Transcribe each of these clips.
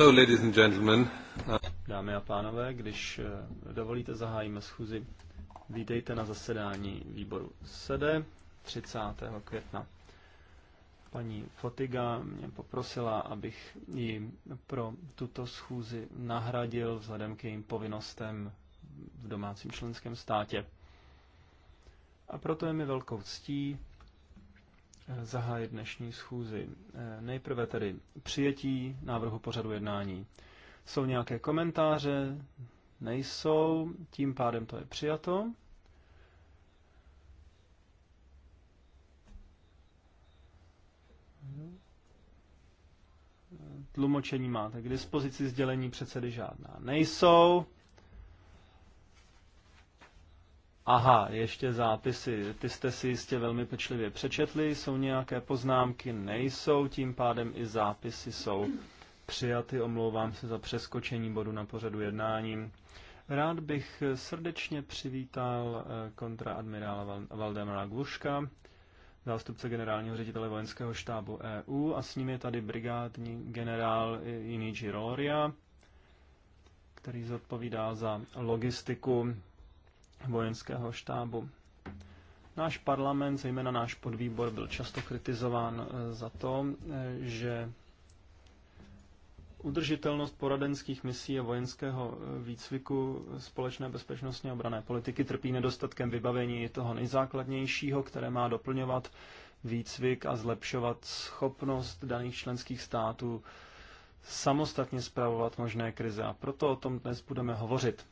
So, ladies and gentlemen. Uh, Dámy a pánové, když eh, dovolíte, zahájíme schůzi. Vítejte na zasedání výboru SEDE 30. E, května. Paní Fotiga mě poprosila, abych ji pro tuto schůzi nahradil vzhledem k jejím povinnostem v domácím členském státě. A proto je mi velkou ctí zahájit dnešní schůzi. Eh, nejprve tedy přijetí návrhu pořadu jednání. Jsou nějaké komentáře? Nejsou, tím pádem to je přijato. Tlumočení máte k dispozici, sdělení předsedy žádná nejsou. Aha, ještě zápisy. Ty jste si jistě velmi pečlivě přečetli. Jsou nějaké poznámky? Nejsou. Tím pádem i zápisy jsou přijaty. Omlouvám se za přeskočení bodu na pořadu jednání. Rád bych srdečně přivítal eh, kontraadmirála Valdemara Gluška, zástupce generálního ředitele vojenského štábu EU a s ním je tady brigádní generál Iniji Roria, který zodpovídá za logistiku vojenského štábu. Náš parlament, zejména náš podvýbor, byl často kritizován eh, za to, eh, že udržitelnost poradenských misí a vojenského eh, výcviku společné bezpečnostní a obrané politiky trpí nedostatkem vybavení toho nejzákladnějšího, které má doplňovat výcvik a zlepšovat schopnost daných členských států samostatně zpravovat možné krize. A proto o tom dnes budeme hovořit.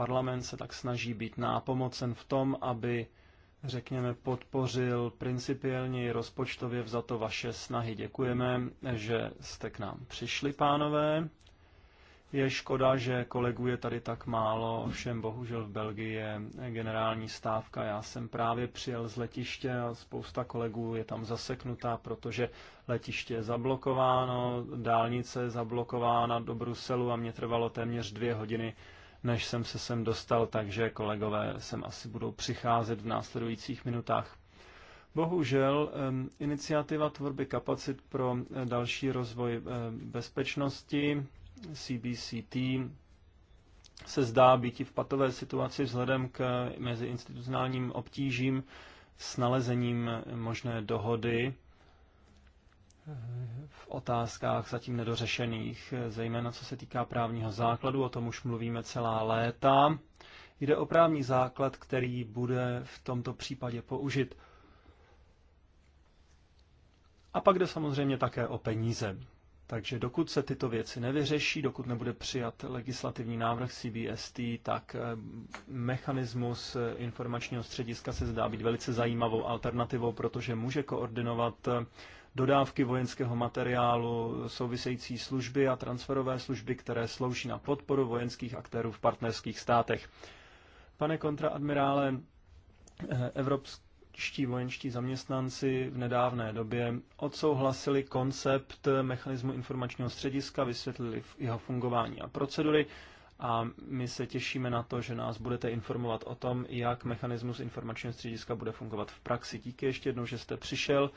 Parlament se tak snaží být nápomocen v tom, aby, řekněme, podpořil principiálně i rozpočtově to vaše snahy. Děkujeme, že jste k nám přišli, pánové. Je škoda, že kolegů je tady tak málo, ovšem bohužel v Belgii je generální stávka. Já jsem právě přijel z letiště a spousta kolegů je tam zaseknutá, protože letiště je zablokováno, dálnice je zablokována do Bruselu a mě trvalo téměř dvě hodiny, než jsem se sem dostal, takže kolegové sem asi budou přicházet v následujících minutách. Bohužel iniciativa tvorby kapacit pro eh, další rozvoj eh, bezpečnosti CBCT se zdá být i v patové situaci vzhledem k eh, meziinstitucionálním obtížím s nalezením možné dohody v otázkách zatím nedořešených, zejména co se týká právního základu, o tom už mluvíme celá léta. Jde o právní základ, který bude v tomto případě použit. A pak jde samozřejmě také o peníze. Takže dokud se tyto věci nevyřeší, dokud nebude přijat legislativní návrh CBST, tak eh, mechanismus eh, informačního střediska se zdá být velice zajímavou alternativou, protože může koordinovat eh, dodávky vojenského materiálu, související služby a transferové služby, které slouží na podporu vojenských aktérů v partnerských státech. Pane kontraadmirále, eh, evropští vojenští zaměstnanci v nedávné době odsouhlasili koncept mechanismu informačního střediska, vysvětlili jeho fungování a procedury a my se těšíme na to, že nás budete informovat o tom, jak mechanismus informačního střediska bude fungovat v praxi. Díky ještě jednou, že jste přišel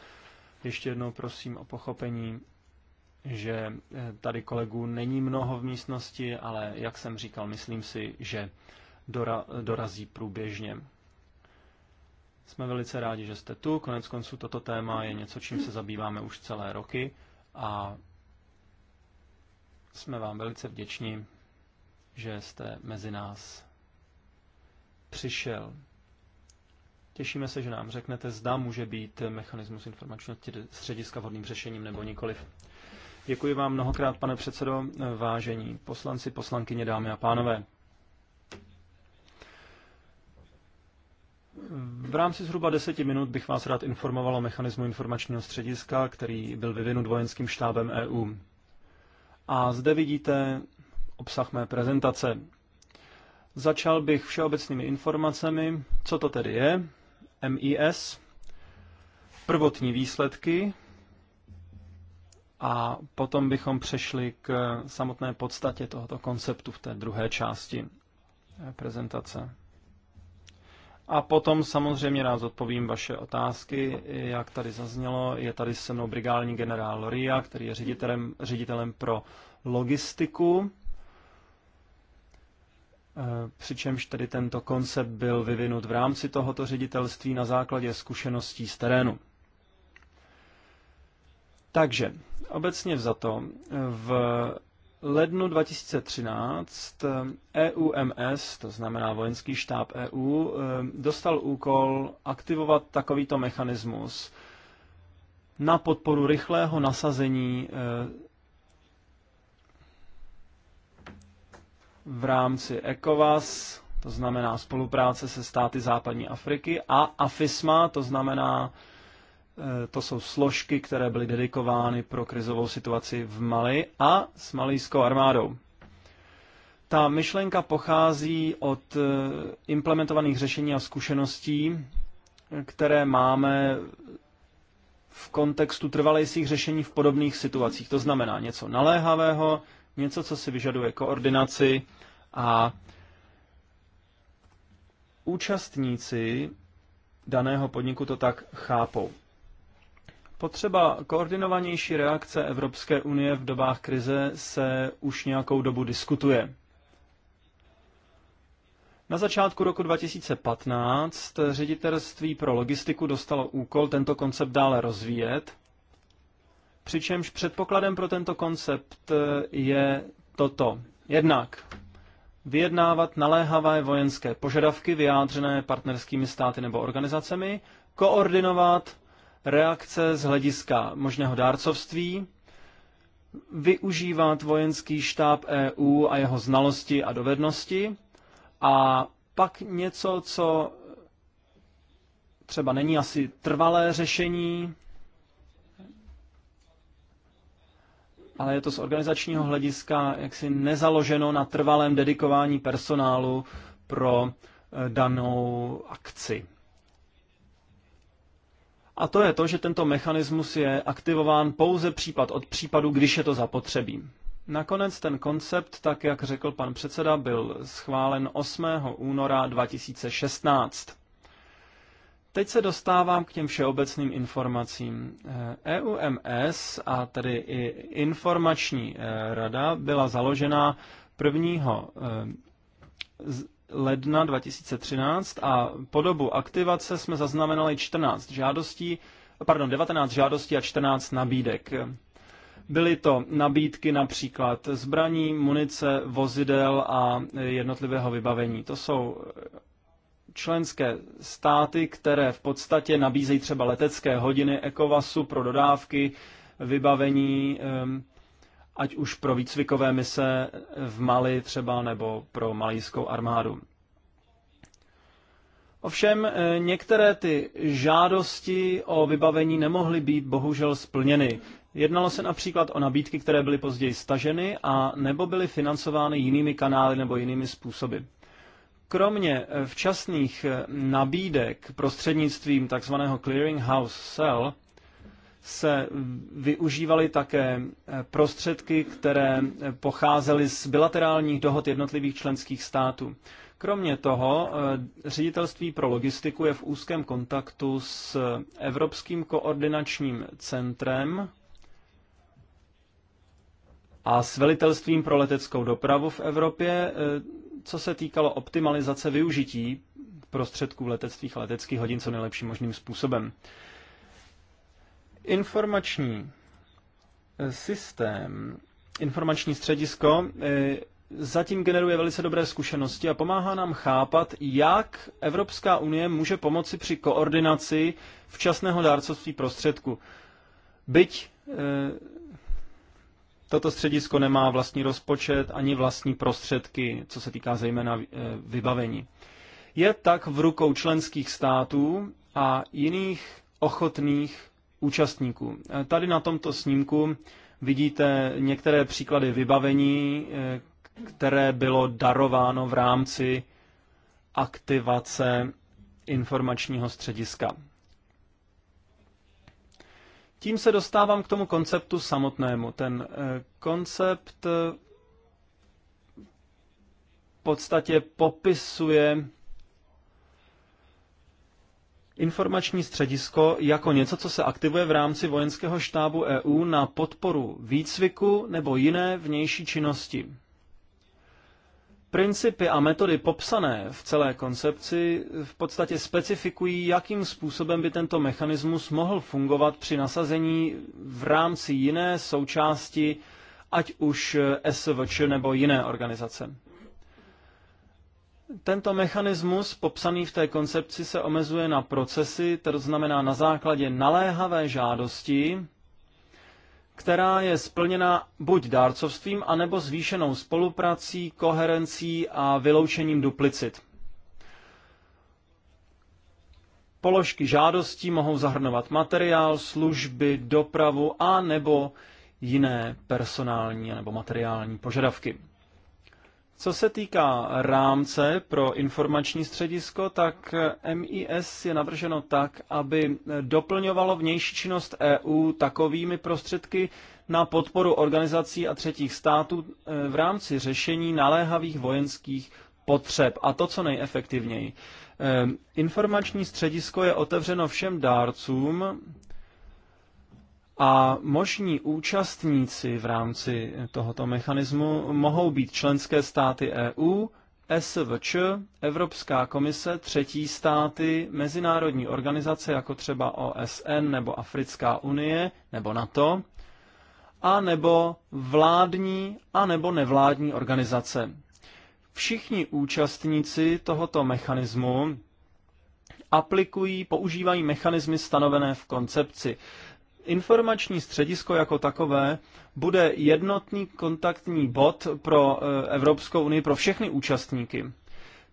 ještě jednou prosím o pochopení, že eh, tady kolegů není mnoho v místnosti, ale jak jsem říkal, myslím si, že dora, dorazí průběžně. Jsme velice rádi, že jste tu. Konec konců toto téma je něco, čím se zabýváme už celé roky a jsme vám velice vděční, že jste mezi nás přišel. Těšíme se, že nám řeknete, zda může být mechanismus informačního střediska vhodným řešením nebo nikoliv. Děkuji vám mnohokrát, pane předsedo, vážení poslanci, poslankyně, dámy a pánové. V rámci zhruba deseti minut bych vás rád informoval o mechanismu informačního střediska, který byl vyvinut vojenským štábem EU. A zde vidíte obsah mé prezentace. Začal bych všeobecnými informacemi, co to tedy je, MIS, prvotní výsledky a potom bychom přešli k samotné podstatě tohoto konceptu v té druhé části prezentace. A potom samozřejmě rád odpovím vaše otázky, jak tady zaznělo. Je tady se mnou brigální generál Ria, který je ředitelem, ředitelem pro logistiku Eh, přičemž tedy tento koncept byl vyvinut v rámci tohoto ředitelství na základě zkušeností z terénu. Takže obecně vzato v lednu 2013 EUMS, eh, e to znamená vojenský štáb EU, eh, dostal úkol aktivovat takovýto mechanismus na podporu rychlého nasazení v rámci ECOWAS, to znamená spolupráce se státy západní Afriky, a AFISMA, to znamená, eh, to jsou složky, které byly dedikovány pro krizovou situaci v Mali a s malijskou armádou. Ta myšlenka pochází od eh, implementovaných řešení a zkušeností, které máme v kontextu trvalejších řešení v podobných situacích. To znamená něco naléhavého, něco, co si vyžaduje koordinaci a účastníci daného podniku to tak chápou. Potřeba koordinovanější reakce Evropské unie v dobách krize se už nějakou dobu diskutuje. Na začátku roku 2015 ředitelství pro logistiku dostalo úkol tento koncept dále rozvíjet Přičemž předpokladem pro tento koncept eh, je toto. Jednak vyjednávat naléhavé vojenské požadavky vyjádřené partnerskými státy nebo organizacemi, koordinovat reakce z hlediska možného dárcovství, využívat vojenský štáb EU a jeho znalosti a dovednosti a pak něco, co třeba není asi trvalé řešení, ale je to z organizačního hlediska jaksi nezaloženo na trvalém dedikování personálu pro eh, danou akci. A to je to, že tento mechanismus je aktivován pouze případ od případu, když je to zapotřebí. Nakonec ten koncept, tak jak řekl pan předseda, byl schválen 8. února 2016. Teď se dostávám k těm všeobecným informacím. EUMS, eh, e a tedy i informační eh, rada, byla založena 1. Eh, ledna 2013 a po dobu aktivace jsme zaznamenali 14 žádostí, pardon, 19 žádostí a 14 nabídek. Byly to nabídky například zbraní, munice, vozidel a jednotlivého vybavení. To jsou členské státy, které v podstatě nabízejí třeba letecké hodiny ECOWASu pro dodávky, vybavení, ať už pro výcvikové mise v Mali třeba nebo pro malijskou armádu. Ovšem eh, některé ty žádosti o vybavení nemohly být bohužel splněny. Jednalo se například o nabídky, které byly později staženy a nebo byly financovány jinými kanály nebo jinými způsoby. Kromě eh, včasných eh, nabídek prostřednictvím tzv. clearinghouse sell se využívaly také eh, prostředky, které pocházely z bilaterálních dohod jednotlivých členských států. Kromě toho, ředitelství pro logistiku je v úzkém kontaktu s Evropským koordinačním centrem a s velitelstvím pro leteckou dopravu v Evropě, co se týkalo optimalizace využití prostředků leteckých a leteckých hodin co nejlepším možným způsobem. Informační eh, systém, informační středisko eh, zatím generuje velice dobré zkušenosti a pomáhá nám chápat, jak Evropská unie může pomoci při koordinaci včasného dárcovství prostředku. Byť eh, Toto středisko nemá vlastní rozpočet ani vlastní prostředky, co se týká zejména e, vybavení. Je tak v rukou členských států a jiných ochotných účastníků. E, tady na tomto snímku vidíte některé příklady vybavení, e, které bylo darováno v rámci aktivace informačního střediska. Tím se dostávám k tomu konceptu samotnému. Ten eh, koncept eh, v podstatě popisuje informační středisko jako něco, co se aktivuje v rámci vojenského štábu EU na podporu výcviku nebo jiné vnější činnosti. Principy a metody popsané v celé koncepci v podstatě specifikují, jakým způsobem by tento mechanismus mohl fungovat při nasazení v rámci jiné součásti, ať už SVČ nebo jiné organizace. Tento mechanismus popsaný v té koncepci se omezuje na procesy, to znamená na základě naléhavé žádosti která je splněna buď dárcovstvím, anebo zvýšenou spoluprací, koherencí a vyloučením duplicit. Položky žádostí mohou zahrnovat materiál, služby, dopravu a nebo jiné personální nebo materiální požadavky. Co se týká rámce pro informační středisko, tak MIS je navrženo tak, aby doplňovalo vnější činnost EU takovými prostředky na podporu organizací a třetích států eh, v rámci řešení naléhavých vojenských potřeb a to co nejefektivněji. Ehm, informační středisko je otevřeno všem dárcům a možní účastníci v rámci tohoto mechanismu mohou být členské státy EU, SVČ, Evropská komise, třetí státy, mezinárodní organizace jako třeba OSN nebo Africká unie nebo NATO, a nebo vládní a nebo nevládní organizace. Všichni účastníci tohoto mechanismu aplikují, používají mechanismy stanovené v koncepci. Informační středisko jako takové bude jednotný kontaktní bod pro e, Evropskou unii pro všechny účastníky.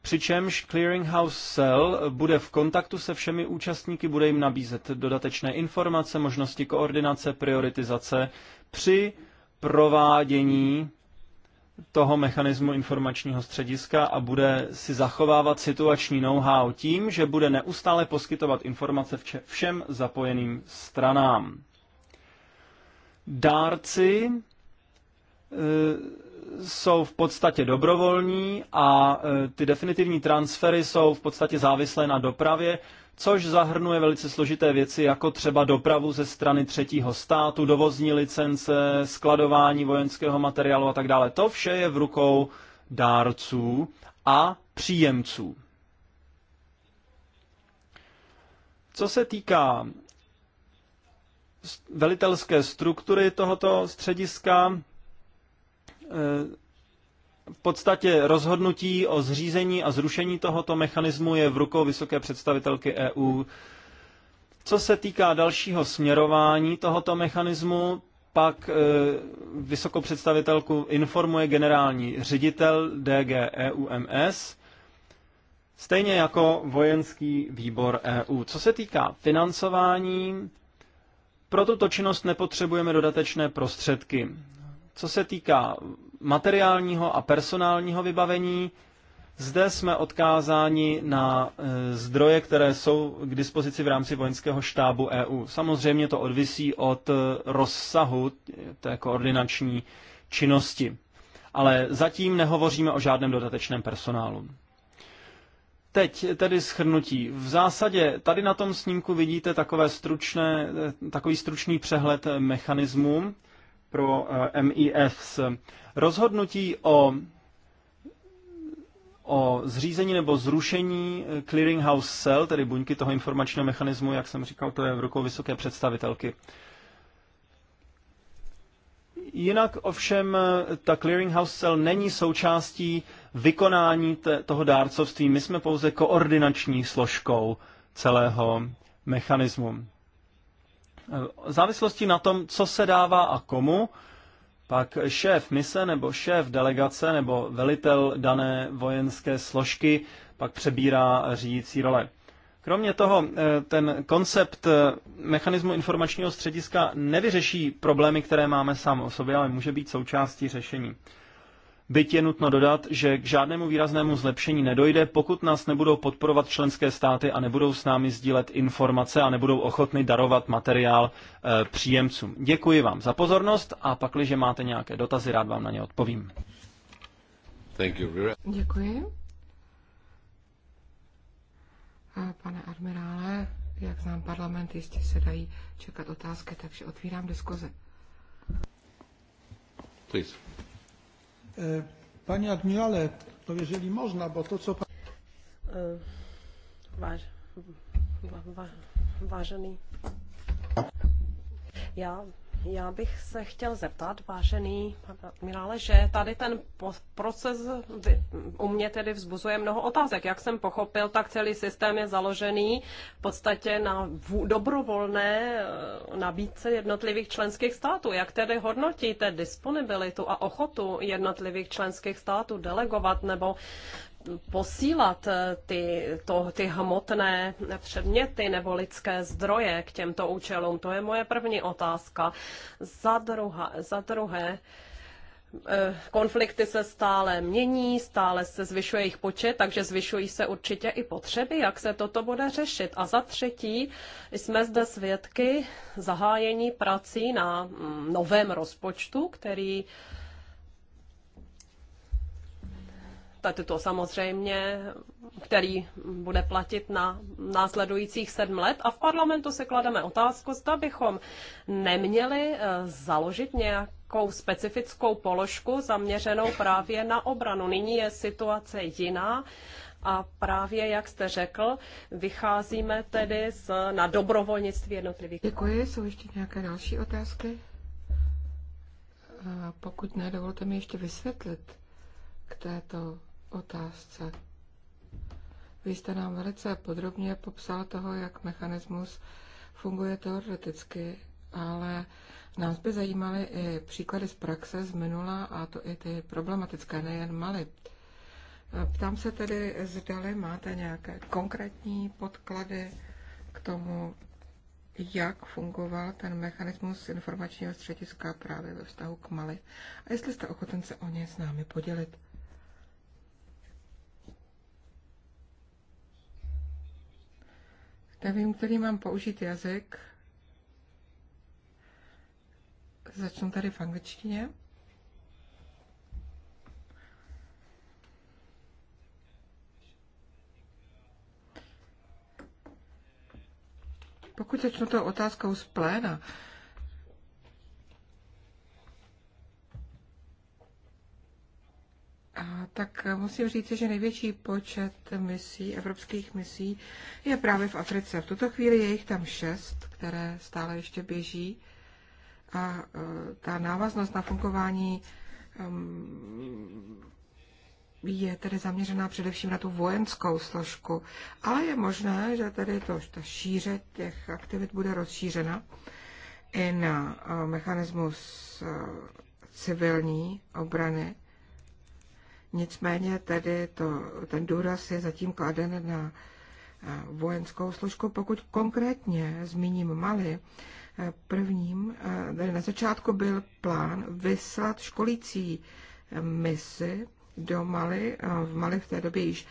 Přičemž Clearinghouse Cell bude v kontaktu se všemi účastníky, bude jim nabízet dodatečné informace, možnosti koordinace, prioritizace při provádění toho mechanismu informačního střediska a bude si zachovávat situační know-how tím, že bude neustále poskytovat informace všem zapojeným stranám. Dárci e, jsou v podstatě dobrovolní a e, ty definitivní transfery jsou v podstatě závislé na dopravě, což zahrnuje velice složité věci, jako třeba dopravu ze strany třetího státu, dovozní licence, skladování vojenského materiálu a tak dále. To vše je v rukou dárců a příjemců. Co se týká velitelské struktury tohoto střediska, eh, v podstatě rozhodnutí o zřízení a zrušení tohoto mechanismu je v rukou vysoké představitelky EU. Co se týká dalšího směrování tohoto mechanismu, pak e, vysokou představitelku informuje generální ředitel DG EUMS, stejně jako vojenský výbor EU. Co se týká financování, pro tuto činnost nepotřebujeme dodatečné prostředky. Co se týká materiálního a personálního vybavení. Zde jsme odkázáni na e, zdroje, které jsou k dispozici v rámci vojenského štábu EU. Samozřejmě to odvisí od e, rozsahu té koordinační činnosti. Ale zatím nehovoříme o žádném dodatečném personálu. Teď tedy schrnutí. V zásadě tady na tom snímku vidíte takové stručné, e, takový stručný přehled mechanismů pro eh, MIFs. Rozhodnutí o, o zřízení nebo zrušení eh, clearinghouse cell, tedy buňky toho informačního mechanismu, jak jsem říkal, to je v rukou vysoké představitelky. Jinak ovšem eh, ta clearinghouse cell není součástí vykonání te, toho dárcovství. My jsme pouze koordinační složkou celého mechanismu. Závislosti na tom, co se dává a komu, pak šéf mise nebo šéf delegace nebo velitel dané vojenské složky pak přebírá řídící role. Kromě toho, eh, ten koncept eh, mechanismu informačního střediska nevyřeší problémy, které máme sám o sobě, ale může být součástí řešení. Byť je nutno dodat, že k žádnému výraznému zlepšení nedojde, pokud nás nebudou podporovat členské státy a nebudou s námi sdílet informace a nebudou ochotny darovat materiál e, příjemcům. Děkuji vám za pozornost a pakliže máte nějaké dotazy, rád vám na ně odpovím. Děkuji. A pane admirále, jak znám parlament, jistě se dají čekat otázky, takže otvírám diskuze. Please. E, panie admirale, to jeżeli można, bo to co... Váž, vážený. Já já bych se chtěl zeptat, vážený pan admirále, že tady ten proces u mě tedy vzbuzuje mnoho otázek. Jak jsem pochopil, tak celý systém je založený v podstatě na dobrovolné eh, nabídce jednotlivých členských států. Jak tedy hodnotíte disponibilitu a ochotu jednotlivých členských států delegovat nebo posílat eh, ty, to, ty hmotné předměty nebo lidské zdroje k těmto účelům? To je moje první otázka. Za, druha, za druhé, eh, konflikty se stále mění, stále se zvyšuje jejich počet, takže zvyšují se určitě i potřeby, jak se toto bude řešit. A za třetí, jsme zde svědky zahájení prací na mm, novém rozpočtu, který to samozřejmě, který bude platit na následujících sedm let. A v parlamentu se klademe otázku, zda bychom neměli eh, založit nějakou specifickou položku zaměřenou právě na obranu. Nyní je situace jiná. A právě, jak jste řekl, vycházíme tedy z, na dobrovolnictví jednotlivých. Děkuji. Jsou ještě nějaké další otázky? Eh, pokud ne, dovolte mi ještě vysvětlit k této otázce. Vy jste nám velice podrobně popsal toho, jak mechanismus funguje teoreticky, ale nás by zajímaly i příklady z praxe z minula, a to i ty problematické, nejen maly. Ptám se tedy, zdali máte nějaké konkrétní podklady k tomu, jak fungoval ten mechanismus informačního střediska právě ve vztahu k Mali a jestli jste ochoten se o ně s námi podělit. Nevím, který mám použít jazyk. Začnu tady v angličtině. Pokud začnu tou otázkou z pléna, A tak musím říct, že největší počet misí, evropských misí, je právě v Africe. V tuto chvíli je jich tam šest, které stále ještě běží. A e, ta návaznost na fungování je tedy zaměřená především na tu vojenskou složku. Ale je možné, že tedy to, ta šíře těch aktivit bude rozšířena i na e, mechanismus e, civilní obrany Nicméně tedy to, ten důraz je zatím kladen na eh, vojenskou složku. Pokud konkrétně zmíním Mali, eh, prvním, eh, tedy na začátku byl plán vyslat školící misi do Mali. V Mali v té době již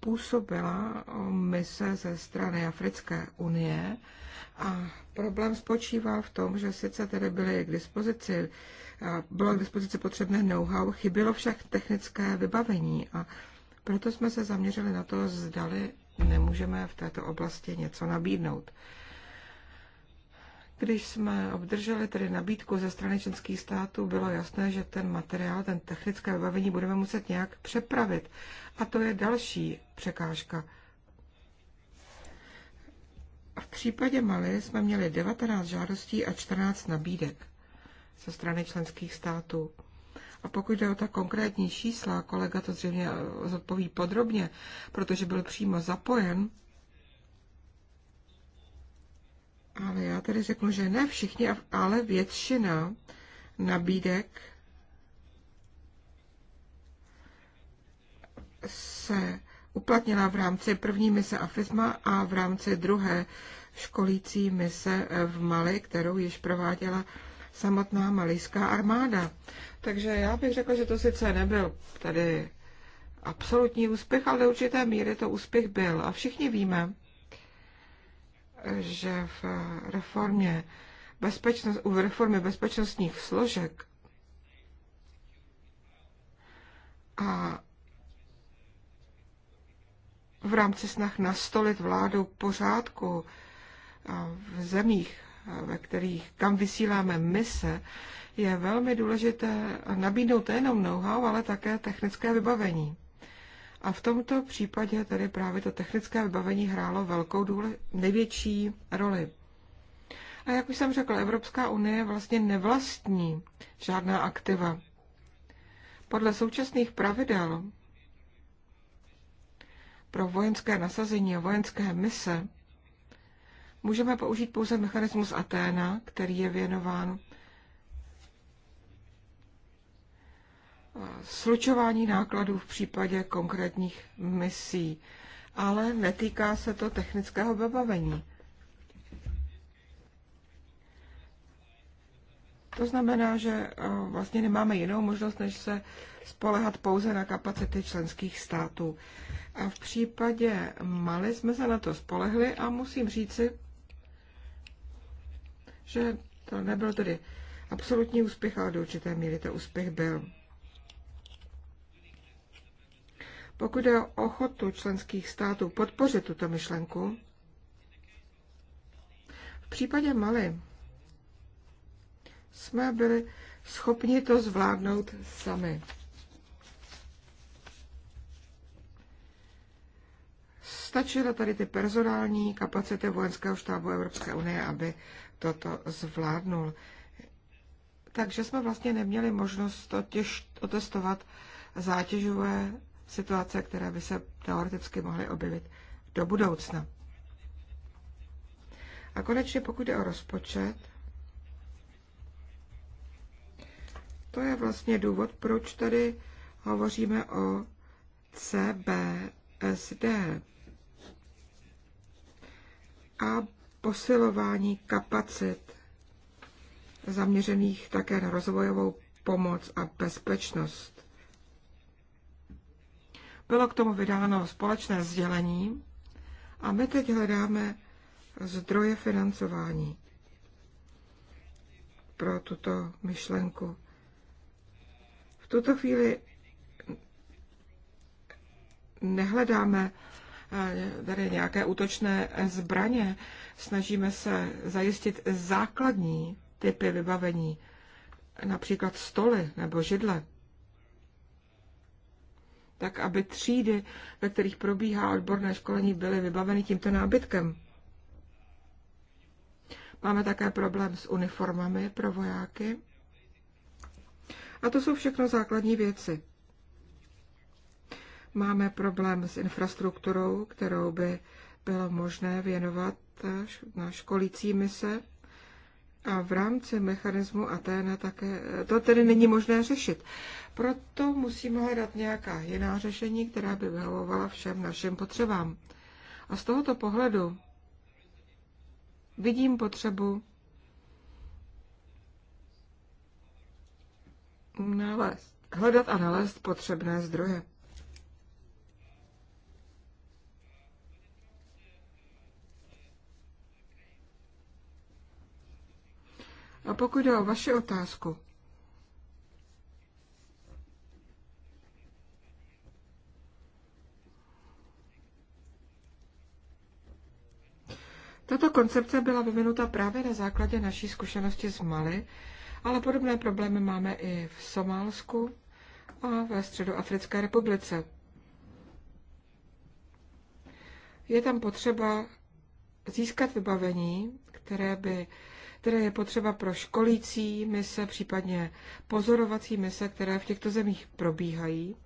působila mise ze strany Africké unie a problém spočíval v tom, že sice tedy byly k dispozici bylo k dispozici potřebné know-how, chybělo však technické vybavení a proto jsme se zaměřili na to, zdali nemůžeme v této oblasti něco nabídnout. Když jsme obdrželi tedy nabídku ze strany členských států, bylo jasné, že ten materiál, ten technické vybavení budeme muset nějak přepravit. A to je další překážka. V případě Mali jsme měli 19 žádostí a 14 nabídek ze strany členských států. A pokud jde o ta konkrétní čísla, kolega to zřejmě zodpoví podrobně, protože byl přímo zapojen, ale já tedy řeknu, že ne všichni, ale většina nabídek se uplatnila v rámci první mise AFISMA a v rámci druhé školící mise v Mali, kterou již prováděla samotná malijská armáda. Takže já bych řekla, že to sice nebyl tady absolutní úspěch, ale do určité míry to úspěch byl. A všichni víme, že v reformě bezpečnost, u reformy bezpečnostních složek a v rámci snah nastolit vládu pořádku v zemích, ve kterých, kam vysíláme mise, je velmi důležité nabídnout nejenom know-how, ale také technické vybavení. A v tomto případě tedy právě to technické vybavení hrálo velkou důle, největší roli. A jak už jsem řekl, Evropská unie vlastně nevlastní žádná aktiva. Podle současných pravidel pro vojenské nasazení a vojenské mise Můžeme použít pouze mechanismus Aténa, který je věnován eh, slučování nákladů v případě konkrétních misí, ale netýká se to technického vybavení. To znamená, že eh, vlastně nemáme jinou možnost, než se spolehat pouze na kapacity členských států. A v případě Mali jsme se na to spolehli a musím říci, že to nebyl tedy absolutní úspěch, ale do určité míry to úspěch byl. Pokud je o ochotu členských států podpořit tuto myšlenku, v případě Mali jsme byli schopni to zvládnout sami. Stačila tady ty personální kapacity vojenského štábu Evropské unie, aby toto zvládnul. Takže jsme vlastně neměli možnost otěž, otestovat zátěžové situace, které by se teoreticky mohly objevit do budoucna. A konečně pokud jde o rozpočet, to je vlastně důvod, proč tady hovoříme o CBSD. A posilování kapacit zaměřených také na rozvojovou pomoc a bezpečnost. Bylo k tomu vydáno společné sdělení a my teď hledáme zdroje financování pro tuto myšlenku. V tuto chvíli nehledáme tady nějaké útočné zbraně. Snažíme se zajistit základní typy vybavení, například stoly nebo židle tak aby třídy, ve kterých probíhá odborné školení, byly vybaveny tímto nábytkem. Máme také problém s uniformami pro vojáky. A to jsou všechno základní věci. Máme problém s infrastrukturou, kterou by bylo možné věnovat na školící mise. A v rámci mechanismu Aténa také to tedy není možné řešit. Proto musíme hledat nějaká jiná řešení, která by vyhovovala všem našim potřebám. A z tohoto pohledu vidím potřebu nalézt, hledat a nalézt potřebné zdroje. A pokud jde o vaši otázku, Tato koncepce byla vyvinuta právě na základě naší zkušenosti z Mali, ale podobné problémy máme i v Somálsku a ve Středoafrické republice. Je tam potřeba získat vybavení, které by které je potřeba pro školící mise, případně pozorovací mise, které v těchto zemích probíhají.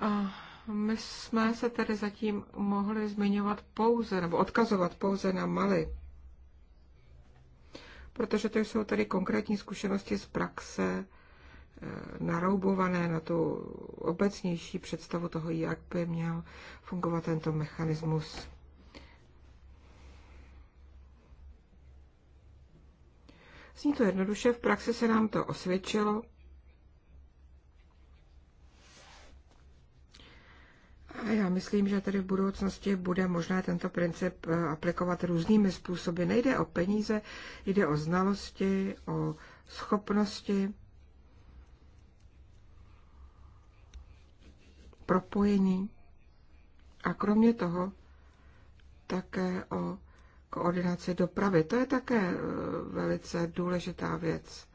A my jsme se tedy zatím mohli zmiňovat pouze, nebo odkazovat pouze na Mali, protože to jsou tady konkrétní zkušenosti z praxe, eh, naroubované na tu obecnější představu toho, jak by měl fungovat tento mechanismus. Zní to jednoduše, v praxi se nám to osvědčilo. A já myslím, že tedy v budoucnosti bude možné tento princip eh, aplikovat různými způsoby. Nejde o peníze, jde o znalosti, o schopnosti, propojení a kromě toho také o koordinaci dopravy. To je také e, velice důležitá věc.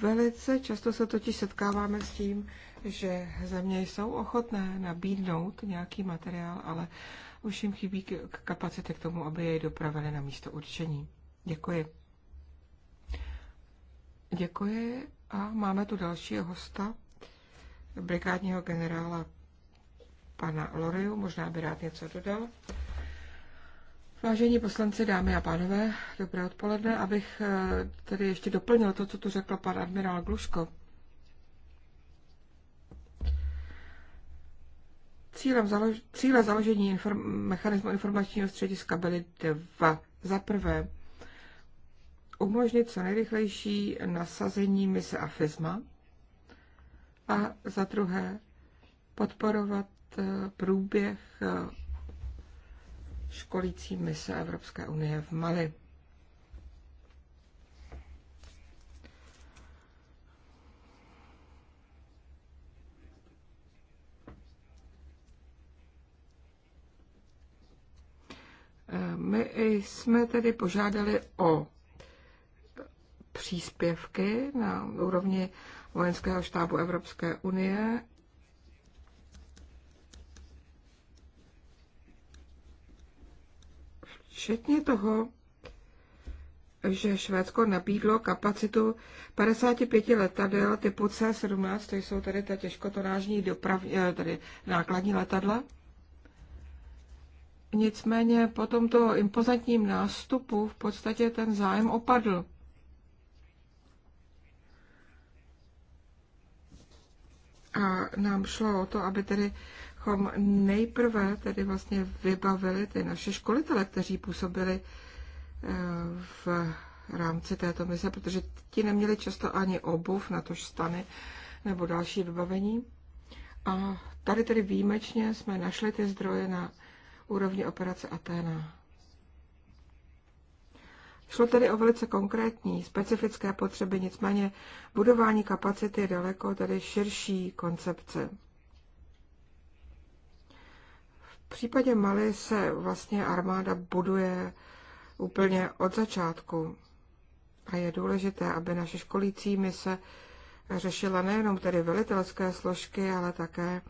Velice často se totiž setkáváme s tím, že země jsou ochotné nabídnout nějaký materiál, ale už jim chybí kapacity k tomu, aby jej dopravili na místo určení. Děkuji. Děkuji a máme tu dalšího hosta, brigádního generála pana Loriu. Možná by rád něco dodal. Vážení poslanci, dámy a pánové, dobré odpoledne. Abych eh, tedy ještě doplnil to, co tu řekl pan admirál Gluško. Cílem založ- cíle založení inform- mechanismu informačního střediska byly dva. Za prvé, umožnit co nejrychlejší nasazení mise AFISMA a za druhé, podporovat eh, průběh eh, školící mise Evropské unie v Mali. My jsme tedy požádali o příspěvky na úrovni vojenského štábu Evropské unie Včetně toho, že Švédsko nabídlo kapacitu 55 letadel typu C-17, to jsou tady ta těžkotonážní doprav, eh, tady nákladní letadla. Nicméně po tomto impozantním nástupu v podstatě ten zájem opadl. A nám šlo o to, aby tedy chom nejprve tedy vlastně vybavili ty naše školitele, kteří působili eh, v rámci této mise, protože ti neměli často ani obuv, na tož stany nebo další vybavení. A tady tedy výjimečně jsme našli ty zdroje na úrovni operace Aténa. Šlo tedy o velice konkrétní, specifické potřeby, nicméně budování kapacity je daleko tedy širší koncepce. V případě Mali se vlastně armáda buduje úplně od začátku. A je důležité, aby naše školící mise řešila nejenom tedy velitelské složky, ale také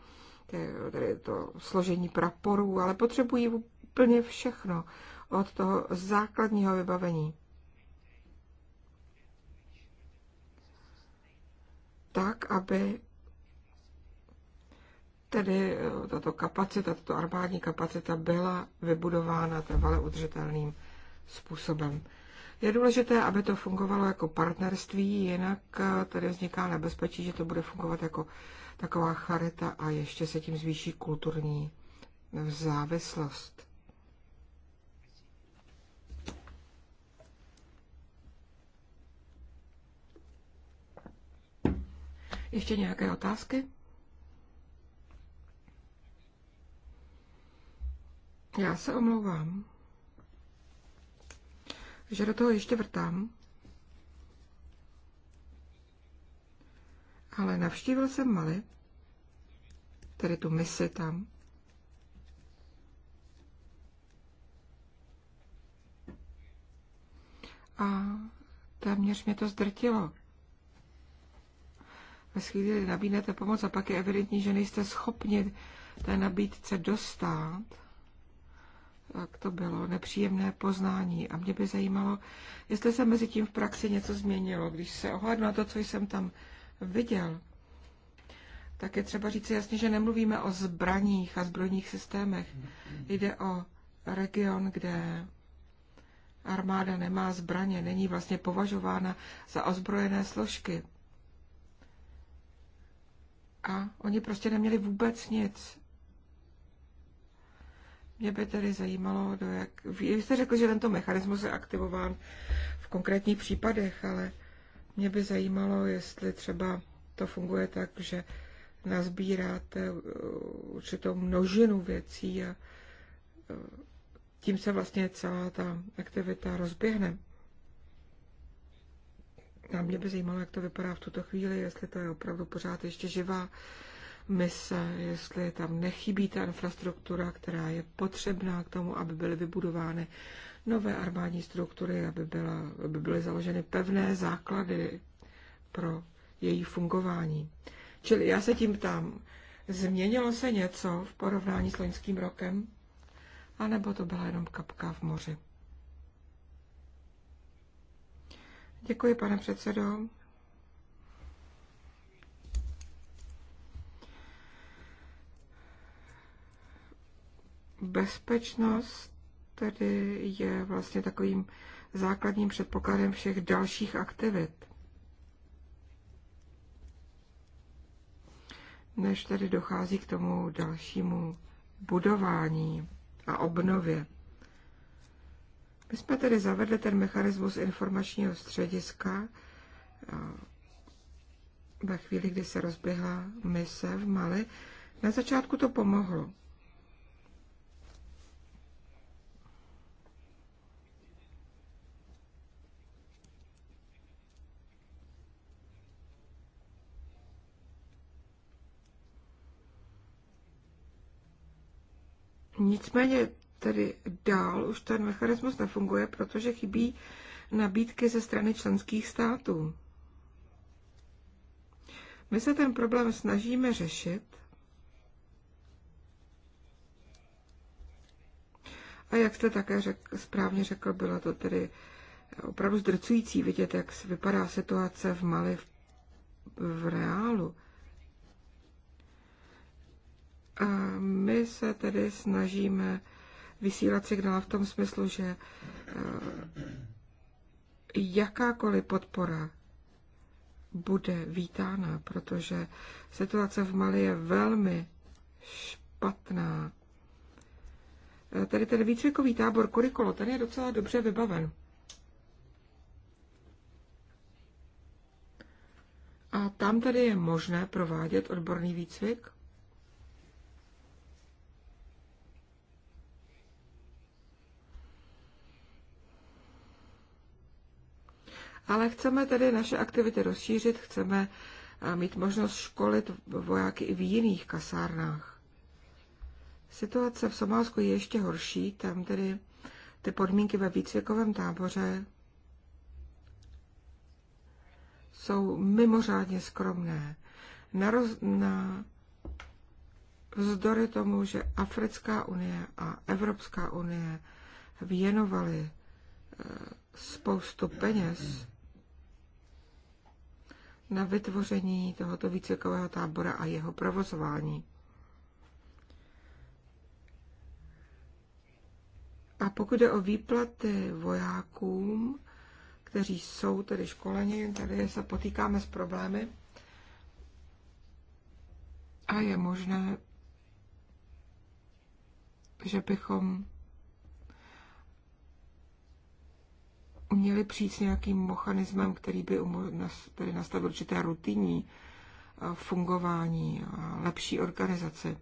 tedy to složení praporů, ale potřebují úplně všechno od toho základního vybavení. Tak, aby tedy eh, tato kapacita, tato armádní kapacita byla vybudována trvale udržitelným způsobem. Je důležité, aby to fungovalo jako partnerství, jinak eh, tady vzniká nebezpečí, že to bude fungovat jako taková charita a ještě se tím zvýší kulturní závislost. Ještě nějaké otázky? Já se omlouvám, že do toho ještě vrtám. Ale navštívil jsem Mali, tedy tu misi tam. A téměř mě to zdrtilo ve chvíli, nabídnete pomoc a pak je evidentní, že nejste schopni té nabídce dostat, tak to bylo nepříjemné poznání. A mě by zajímalo, jestli se mezi tím v praxi něco změnilo. Když se ohlednu na to, co jsem tam viděl, tak je třeba říci jasně, že nemluvíme o zbraních a zbrojních systémech. Jde o region, kde armáda nemá zbraně, není vlastně považována za ozbrojené složky. A oni prostě neměli vůbec nic. Mě by tedy zajímalo, do jak... Vy jste řekl, že tento mechanismus je aktivován v konkrétních případech, ale mě by zajímalo, jestli třeba to funguje tak, že nazbíráte uh, určitou množinu věcí a uh, tím se vlastně celá ta aktivita rozběhne. Já mě by zajímalo, jak to vypadá v tuto chvíli, jestli to je opravdu pořád ještě živá mise, jestli tam nechybí ta infrastruktura, která je potřebná k tomu, aby byly vybudovány nové armádní struktury, aby, byla, aby byly založeny pevné základy pro její fungování. Čili já se tím ptám, změnilo se něco v porovnání s loňským rokem? A nebo to byla jenom kapka v moři? Děkuji, pane předsedo. Bezpečnost tedy je vlastně takovým základním předpokladem všech dalších aktivit. Než tedy dochází k tomu dalšímu budování a obnově. My jsme tedy zavedli ten mechanismus informačního střediska ve chvíli, kdy se rozběhla mise v Mali. Na začátku to pomohlo. Nicméně tedy dál už ten mechanismus nefunguje, protože chybí nabídky ze strany členských států. My se ten problém snažíme řešit a jak jste také řekl, správně řekl, byla to tedy opravdu zdrcující vidět, jak vypadá situace v Mali v, v reálu. A my se tedy snažíme vysílat signál v tom smyslu, že eh, jakákoliv podpora bude vítána, protože situace v Mali je velmi špatná. Eh, tady ten výcvikový tábor Kurikolo, ten je docela dobře vybaven. A tam tady je možné provádět odborný výcvik. Ale chceme tedy naše aktivity rozšířit, chceme eh, mít možnost školit vojáky i v jiných kasárnách. Situace v Somálsku je ještě horší, tam tedy ty podmínky ve výcvikovém táboře jsou mimořádně skromné. Na, roz, na vzdory tomu, že Africká unie a Evropská unie věnovaly eh, spoustu peněz na vytvoření tohoto výcvikového tábora a jeho provozování. A pokud jde o výplaty vojákům, kteří jsou tedy školeni, tady se potýkáme s problémy a je možné, že bychom měli přijít s nějakým mechanismem, který by tedy nastavil určité rutinní eh, fungování a lepší organizaci.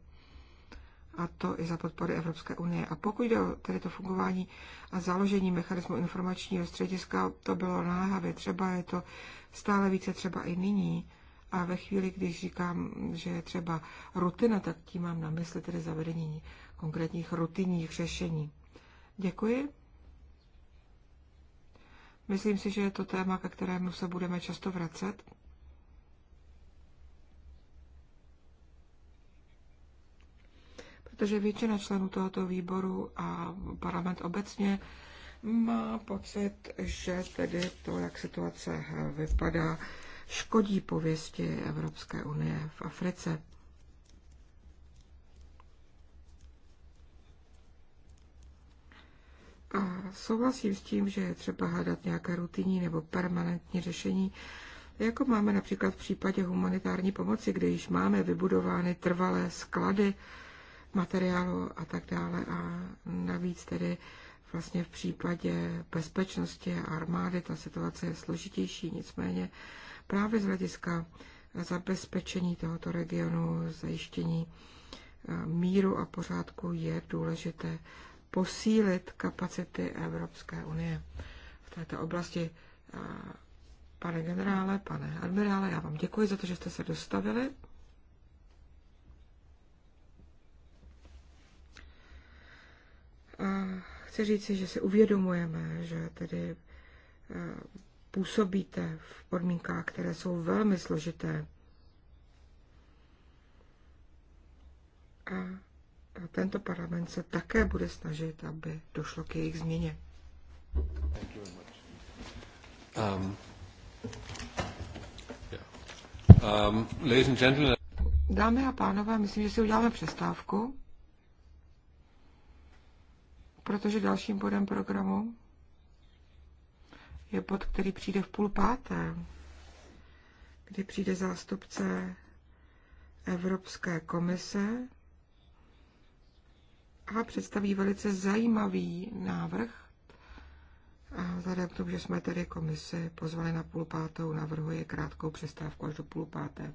A to i za podpory Evropské unie. A pokud jde o tedy to fungování a založení mechanismu informačního střediska, to bylo náhavě. Třeba je to stále více třeba i nyní. A ve chvíli, když říkám, že je třeba rutina, tak tím mám na mysli tedy zavedení konkrétních rutinních řešení. Děkuji. Myslím si, že je to téma, ke kterému se budeme často vracet. Protože většina členů tohoto výboru a parlament obecně má pocit, že tedy to, jak situace vypadá, škodí pověsti Evropské unie v Africe. A souhlasím s tím, že je třeba hledat nějaké rutinní nebo permanentní řešení, jako máme například v případě humanitární pomoci, kde již máme vybudovány trvalé sklady materiálu a tak dále. A navíc tedy vlastně v případě bezpečnosti a armády ta situace je složitější, nicméně právě z hlediska zabezpečení tohoto regionu, zajištění míru a pořádku je důležité posílit kapacity Evropské unie v této oblasti. Pane generále, pane admirále, já vám děkuji za to, že jste se dostavili. Chci říci, že si uvědomujeme, že tedy působíte v podmínkách, které jsou velmi složité. A tento parlament se také bude snažit, aby došlo k jejich změně. Um, um, ladies and gentlemen. Dámy a pánové, myslím, že si uděláme přestávku, protože dalším bodem programu je bod, který přijde v půl páté, kdy přijde zástupce Evropské komise, a představí velice zajímavý návrh. A vzhledem k tomu, že jsme tedy komisi pozvali na půl pátou, navrhuji krátkou přestávku až do půl páté.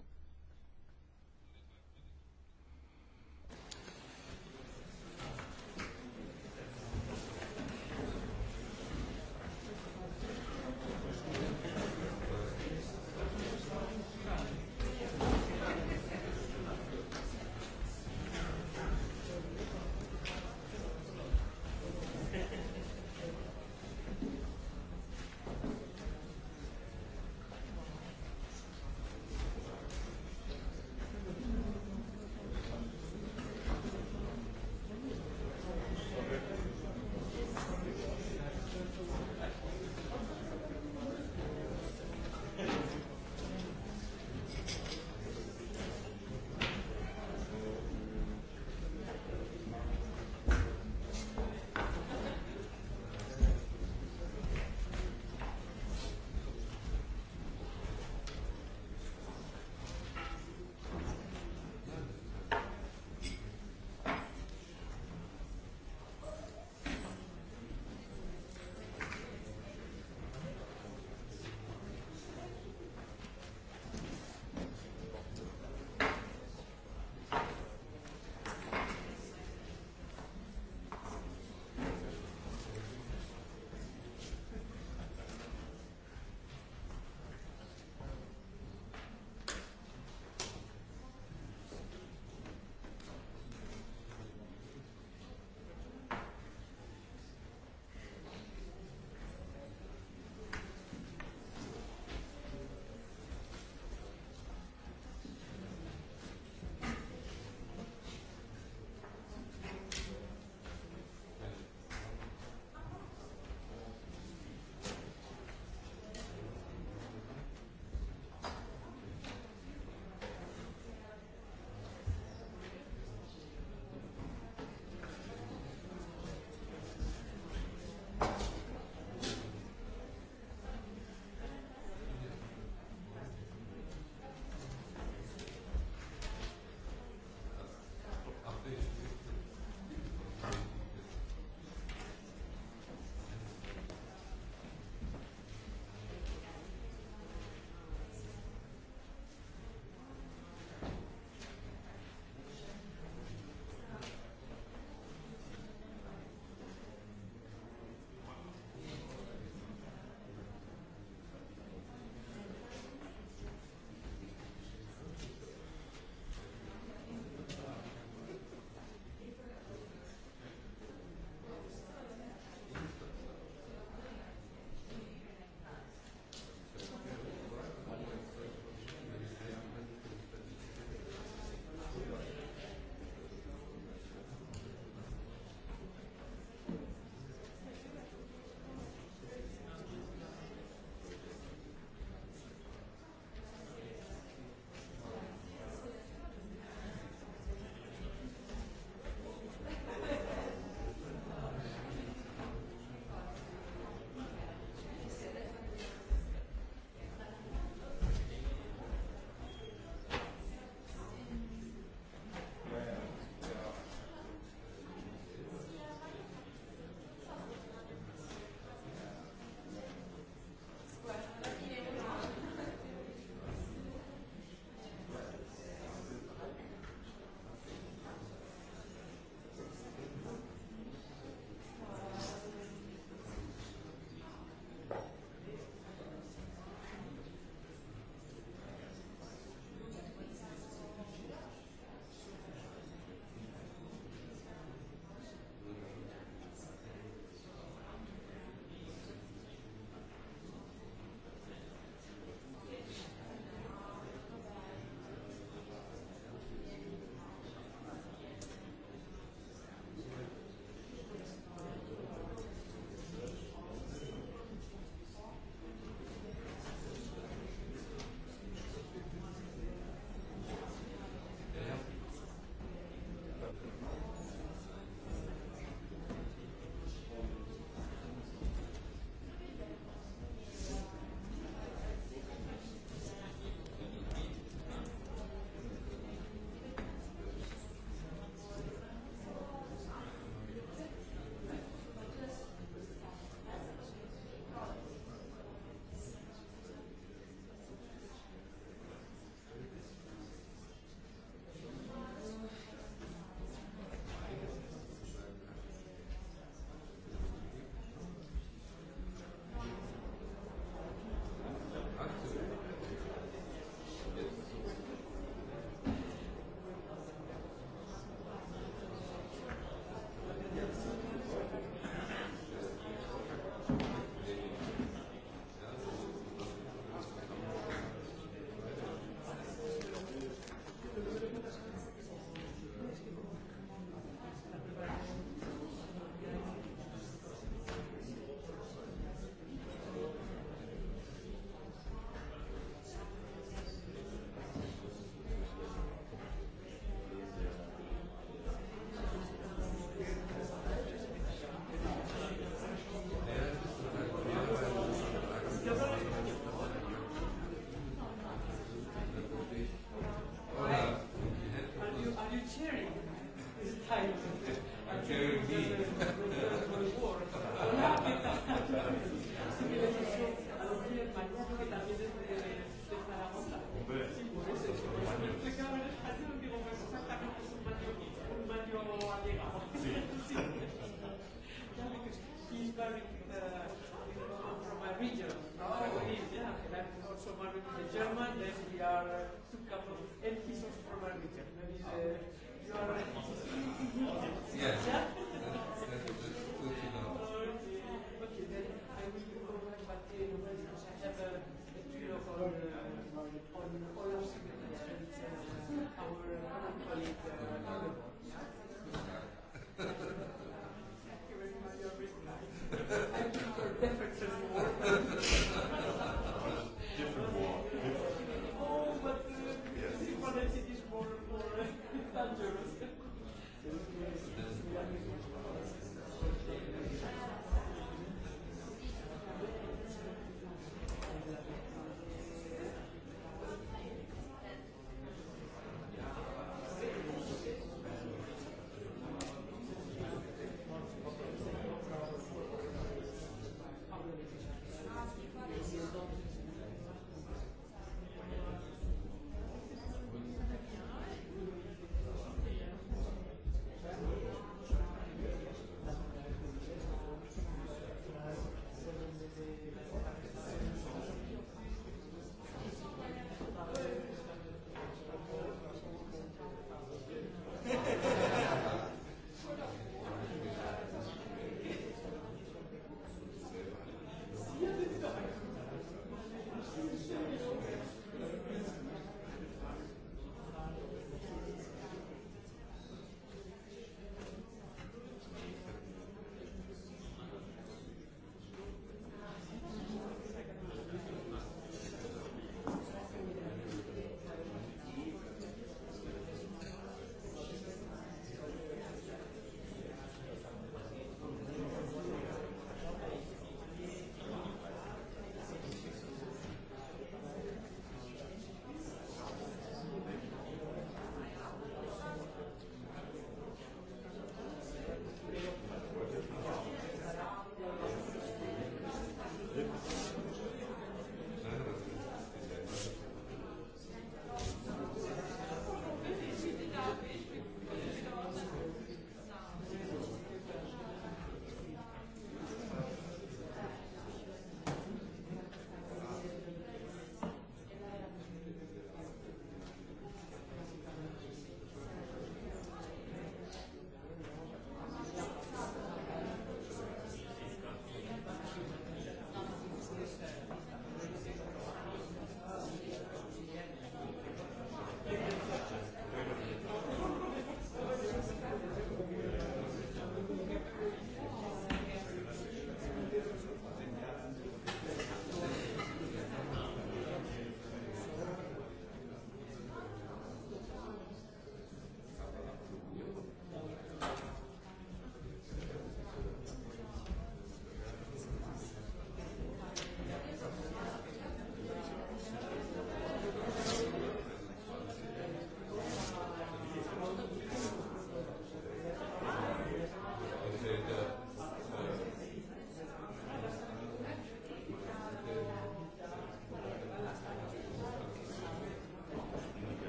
German that we are two couples and he's from Armenia. There is uh, you are a, yes.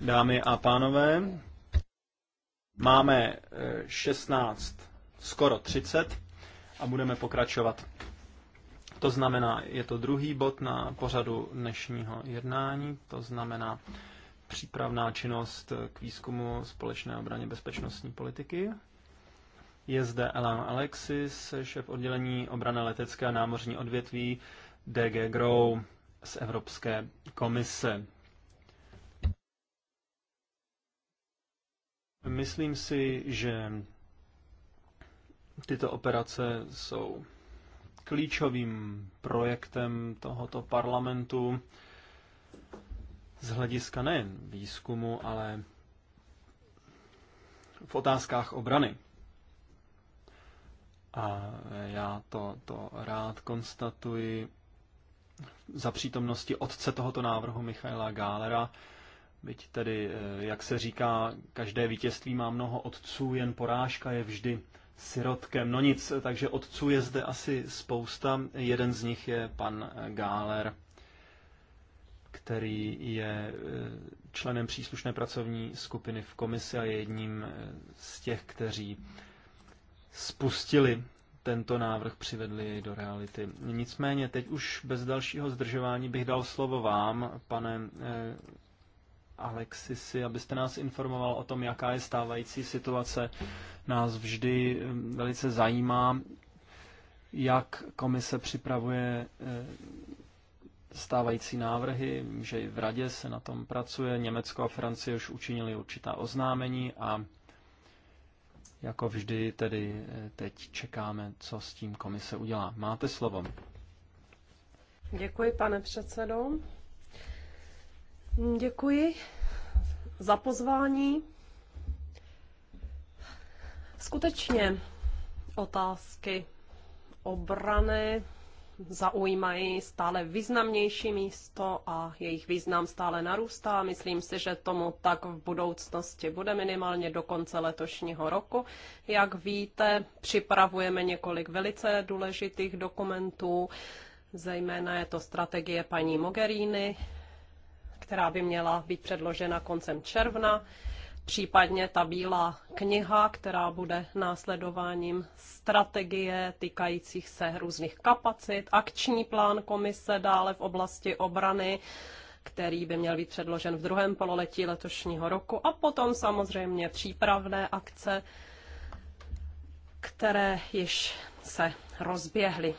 Dámy a pánové, máme 16, eh, skoro 30 a budeme pokračovat. To znamená, je to druhý bod na pořadu dnešního jednání, to znamená přípravná činnost k výzkumu společné obraně bezpečnostní politiky. Je zde Elan Alexis, šéf oddělení obrany letecké a námořní odvětví DG Grow z Evropské komise. Myslím si, že tyto operace jsou klíčovým projektem tohoto parlamentu z hlediska nejen výzkumu, ale v otázkách obrany. A já to, to rád konstatuji za přítomnosti otce tohoto návrhu Michaela Gálera. Byť tedy, eh, jak se říká, každé vítězství má mnoho otců, jen porážka je vždy sirotkem. No nic, takže otců je zde asi spousta. Jeden z nich je pan eh, Gáler, který je eh, členem příslušné pracovní skupiny v komisi a je jedním z těch, kteří spustili tento návrh přivedli do reality. Nicméně teď už bez dalšího zdržování bych dal slovo vám, pane eh, Alexisi, abyste nás informoval o tom, jaká je stávající situace. Nás vždy eh, velice zajímá, jak komise připravuje eh, stávající návrhy, že i v radě se na tom pracuje. Německo a Francie už učinili určitá oznámení a jako vždy tedy eh, teď čekáme, co s tím komise udělá. Máte slovo. Děkuji, pane předsedo. Děkuji za pozvání. Skutečně otázky obrany zaujímají stále významnější místo a jejich význam stále narůstá. Myslím si, že tomu tak v budoucnosti bude minimálně do konce letošního roku. Jak víte, připravujeme několik velice důležitých dokumentů, zejména je to strategie paní Mogherini, která by měla být předložena koncem června případně ta bílá kniha, která bude následováním strategie týkajících se různých kapacit, akční plán komise dále v oblasti obrany, který by měl být předložen v druhém pololetí letošního roku a potom samozřejmě přípravné akce, které již se rozběhly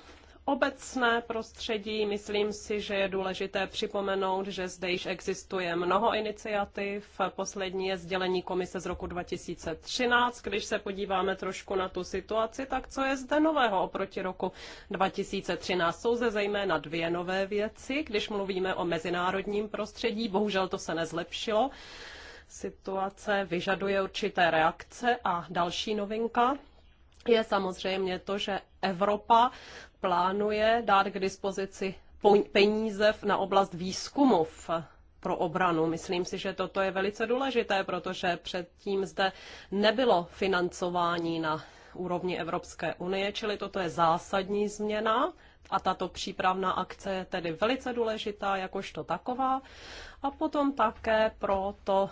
obecné prostředí, myslím si, že je důležité připomenout, že zde již existuje mnoho iniciativ. Poslední je sdělení komise z roku 2013. Když se podíváme trošku na tu situaci, tak co je zde nového oproti roku 2013? Jsou zde zejména dvě nové věci. Když mluvíme o mezinárodním prostředí, bohužel to se nezlepšilo. Situace vyžaduje určité reakce a další novinka je samozřejmě to, že Evropa plánuje dát k dispozici peníze na oblast výzkumu pro obranu. Myslím si, že toto je velice důležité, protože předtím zde nebylo financování na úrovni Evropské unie, čili toto je zásadní změna a tato přípravná akce je tedy velice důležitá jakožto taková. A potom také pro to,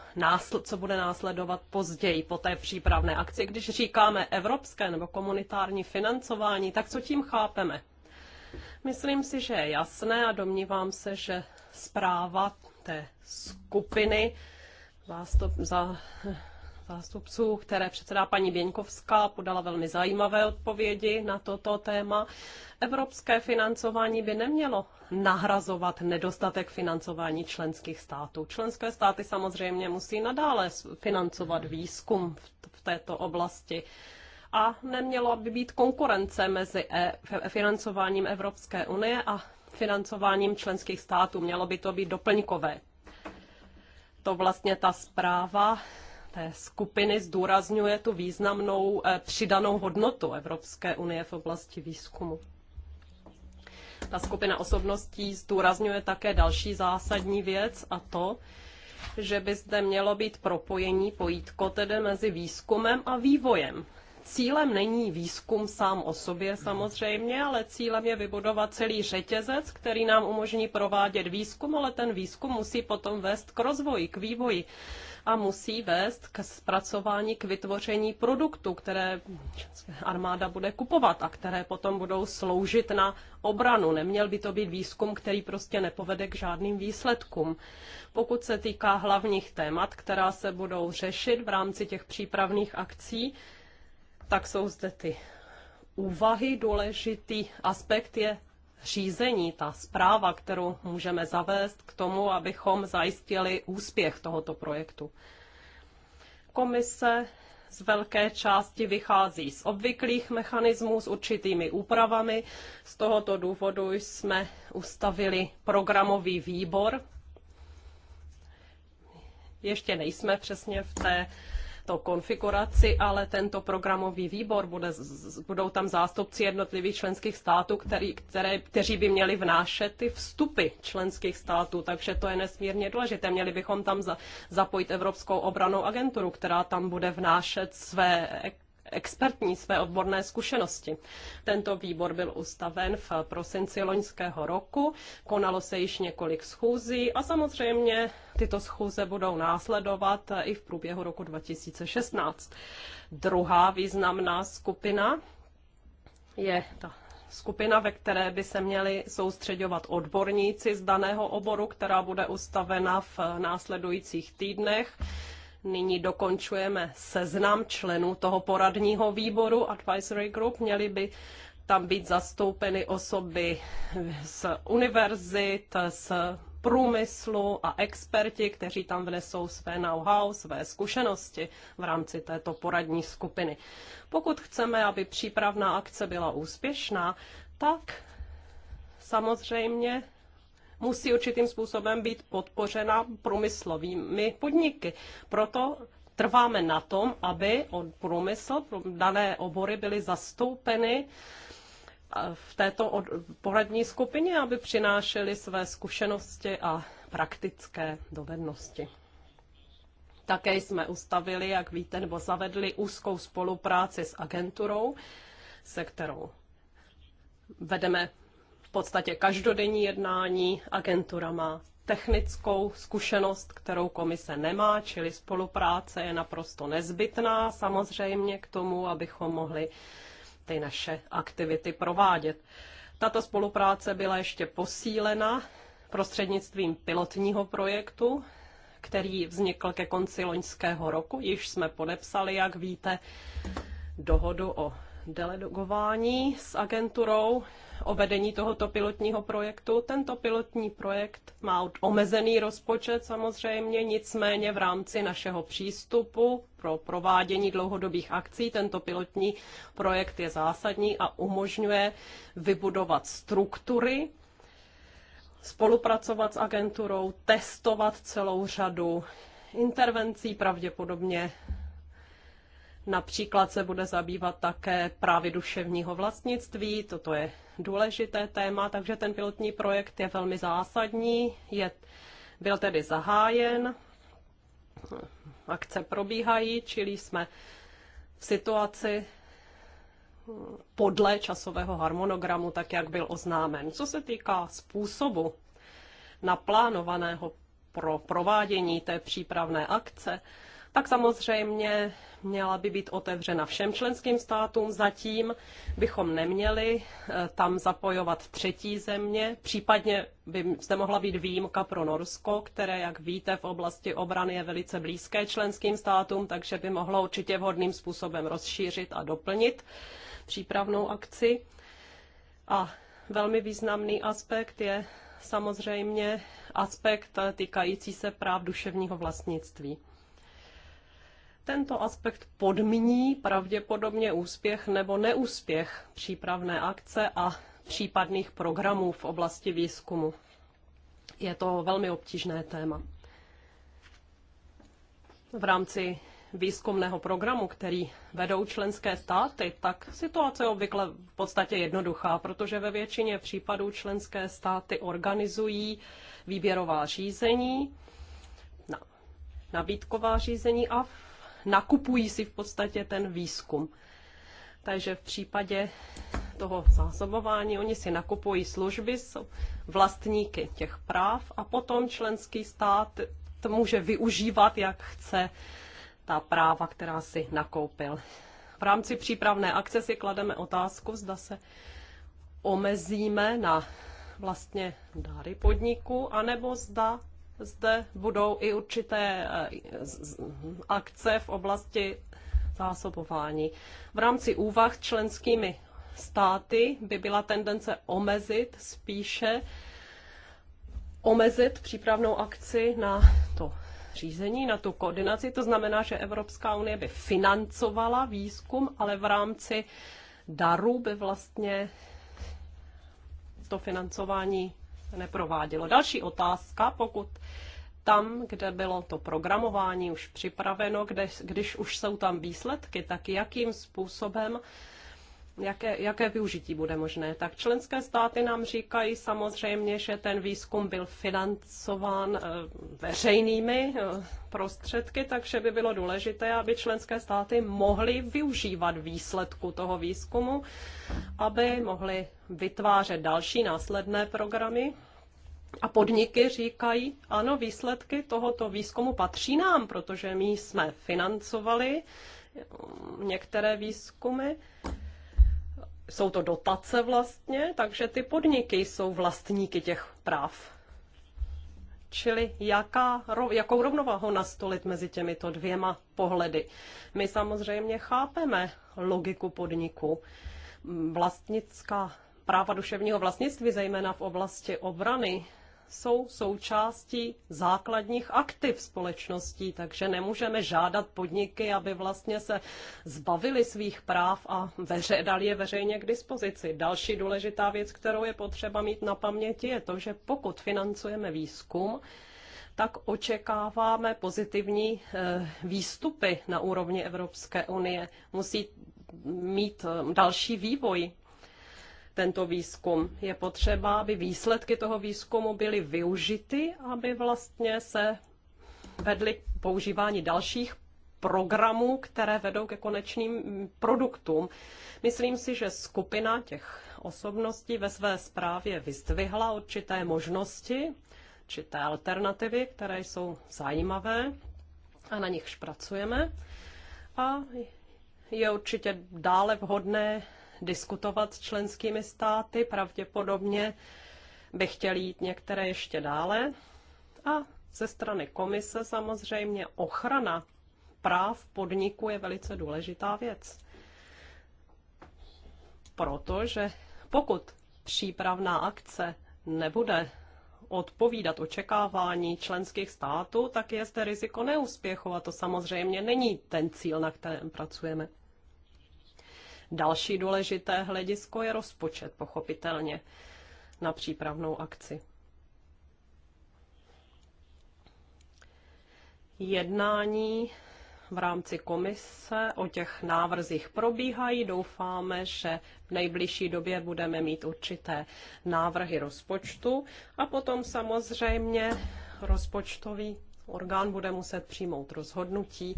co bude následovat později po té přípravné akci. Když říkáme evropské nebo komunitární financování, tak co tím chápeme? Myslím si, že je jasné a domnívám se, že zpráva té skupiny vás to za, zástupců, které předsedá paní Běňkovská, podala velmi zajímavé odpovědi na toto téma. Evropské financování by nemělo nahrazovat nedostatek financování členských států. Členské státy samozřejmě musí nadále financovat výzkum v této oblasti a nemělo by být konkurence mezi e, financováním Evropské unie a financováním členských států. Mělo by to být doplňkové. To vlastně ta zpráva té skupiny zdůrazňuje tu významnou eh, přidanou hodnotu Evropské unie v oblasti výzkumu. Ta skupina osobností zdůrazňuje také další zásadní věc a to, že by zde mělo být propojení, pojítko tedy mezi výzkumem a vývojem cílem není výzkum sám o sobě samozřejmě, ale cílem je vybudovat celý řetězec, který nám umožní provádět výzkum, ale ten výzkum musí potom vést k rozvoji, k vývoji a musí vést k zpracování, k vytvoření produktů, které armáda bude kupovat a které potom budou sloužit na obranu. Neměl by to být výzkum, který prostě nepovede k žádným výsledkům. Pokud se týká hlavních témat, která se budou řešit v rámci těch přípravných akcí, tak jsou zde ty úvahy. Důležitý aspekt je řízení, ta zpráva, kterou můžeme zavést k tomu, abychom zajistili úspěch tohoto projektu. Komise z velké části vychází z obvyklých mechanismů s určitými úpravami. Z tohoto důvodu jsme ustavili programový výbor. Ještě nejsme přesně v té to konfiguraci, ale tento programový výbor, bude, budou tam zástupci jednotlivých členských států, který, které, kteří by měli vnášet ty vstupy členských států, takže to je nesmírně důležité. Měli bychom tam za, zapojit Evropskou obranou agenturu, která tam bude vnášet své expertní své odborné zkušenosti. Tento výbor byl ustaven v prosinci loňského roku, konalo se již několik schůzí a samozřejmě tyto schůze budou následovat i v průběhu roku 2016. Druhá významná skupina je ta skupina, ve které by se měli soustředovat odborníci z daného oboru, která bude ustavena v následujících týdnech. Nyní dokončujeme seznam členů toho poradního výboru Advisory Group. Měli by tam být zastoupeny osoby z univerzit, z průmyslu a experti, kteří tam vnesou své know-how, své zkušenosti v rámci této poradní skupiny. Pokud chceme, aby přípravná akce byla úspěšná, tak samozřejmě musí určitým způsobem být podpořena průmyslovými podniky. Proto trváme na tom, aby od průmysl, dané obory byly zastoupeny eh, v této poradní skupině, aby přinášeli své zkušenosti a praktické dovednosti. Také jsme ustavili, jak víte, nebo zavedli úzkou spolupráci s agenturou, se kterou vedeme podstatě každodenní jednání. Agentura má technickou zkušenost, kterou komise nemá, čili spolupráce je naprosto nezbytná samozřejmě k tomu, abychom mohli ty naše aktivity provádět. Tato spolupráce byla ještě posílena prostřednictvím pilotního projektu, který vznikl ke konci loňského roku. Již jsme podepsali, jak víte, dohodu o delegování s agenturou o vedení tohoto pilotního projektu. Tento pilotní projekt má omezený rozpočet samozřejmě, nicméně v rámci našeho přístupu pro provádění dlouhodobých akcí tento pilotní projekt je zásadní a umožňuje vybudovat struktury, spolupracovat s agenturou, testovat celou řadu intervencí, pravděpodobně Například se bude zabývat také právě duševního vlastnictví, toto je důležité téma, takže ten pilotní projekt je velmi zásadní, je, byl tedy zahájen, akce probíhají, čili jsme v situaci podle časového harmonogramu, tak jak byl oznámen. Co se týká způsobu naplánovaného pro provádění té přípravné akce, tak samozřejmě měla by být otevřena všem členským státům. Zatím bychom neměli eh, tam zapojovat třetí země, případně by zde mohla být výjimka pro Norsko, které, jak víte, v oblasti obrany je velice blízké členským státům, takže by mohlo určitě vhodným způsobem rozšířit a doplnit přípravnou akci. A velmi významný aspekt je samozřejmě aspekt týkající se práv duševního vlastnictví. Tento aspekt podmíní pravděpodobně úspěch nebo neúspěch přípravné akce a případných programů v oblasti výzkumu. Je to velmi obtížné téma. V rámci výzkumného programu, který vedou členské státy, tak situace je obvykle v podstatě jednoduchá, protože ve většině případů členské státy organizují výběrová řízení, nabídková řízení a nakupují si v podstatě ten výzkum. Takže v případě toho zásobování oni si nakupují služby, jsou vlastníky těch práv a potom členský stát to může využívat, jak chce ta práva, která si nakoupil. V rámci přípravné akce si klademe otázku, zda se omezíme na vlastně dary podniku, anebo zda zde budou i určité eh, akce v oblasti zásobování. V rámci úvah členskými státy by byla tendence omezit spíše omezit přípravnou akci na to řízení, na tu koordinaci. To znamená, že Evropská unie by financovala výzkum, ale v rámci darů by vlastně to financování neprovádělo. Další otázka, pokud tam, kde bylo to programování už připraveno, kde, když už jsou tam výsledky, tak jakým způsobem jaké, jaké využití bude možné. Tak členské státy nám říkají samozřejmě, že ten výzkum byl financován eh, veřejnými eh, prostředky, takže by bylo důležité, aby členské státy mohly využívat výsledku toho výzkumu, aby mohly vytvářet další následné programy a podniky říkají, ano, výsledky tohoto výzkumu patří nám, protože my jsme financovali některé výzkumy. Jsou to dotace vlastně, takže ty podniky jsou vlastníky těch práv. Čili jaká, jakou rovnováhu nastolit mezi těmito dvěma pohledy? My samozřejmě chápeme logiku podniku. Vlastnická práva duševního vlastnictví, zejména v oblasti obrany, jsou součástí základních aktiv společností, takže nemůžeme žádat podniky, aby vlastně se zbavili svých práv a veře, dali je veřejně k dispozici. Další důležitá věc, kterou je potřeba mít na paměti, je to, že pokud financujeme výzkum, tak očekáváme pozitivní eh, výstupy na úrovni Evropské unie. Musí mít eh, další vývoj tento výzkum. Je potřeba, aby výsledky toho výzkumu byly využity, aby vlastně se vedly k používání dalších programů, které vedou ke konečným produktům. Myslím si, že skupina těch osobností ve své zprávě vyzdvihla určité možnosti, určité alternativy, které jsou zajímavé a na nichž pracujeme. A je určitě dále vhodné diskutovat s členskými státy. Pravděpodobně by chtěl jít některé ještě dále. A ze strany komise samozřejmě ochrana práv podniku je velice důležitá věc. Protože pokud přípravná akce nebude odpovídat očekávání členských států, tak je zde riziko neúspěchu a to samozřejmě není ten cíl, na kterém pracujeme. Další důležité hledisko je rozpočet, pochopitelně, na přípravnou akci. Jednání v rámci komise o těch návrzích probíhají. Doufáme, že v nejbližší době budeme mít určité návrhy rozpočtu a potom samozřejmě rozpočtový orgán bude muset přijmout rozhodnutí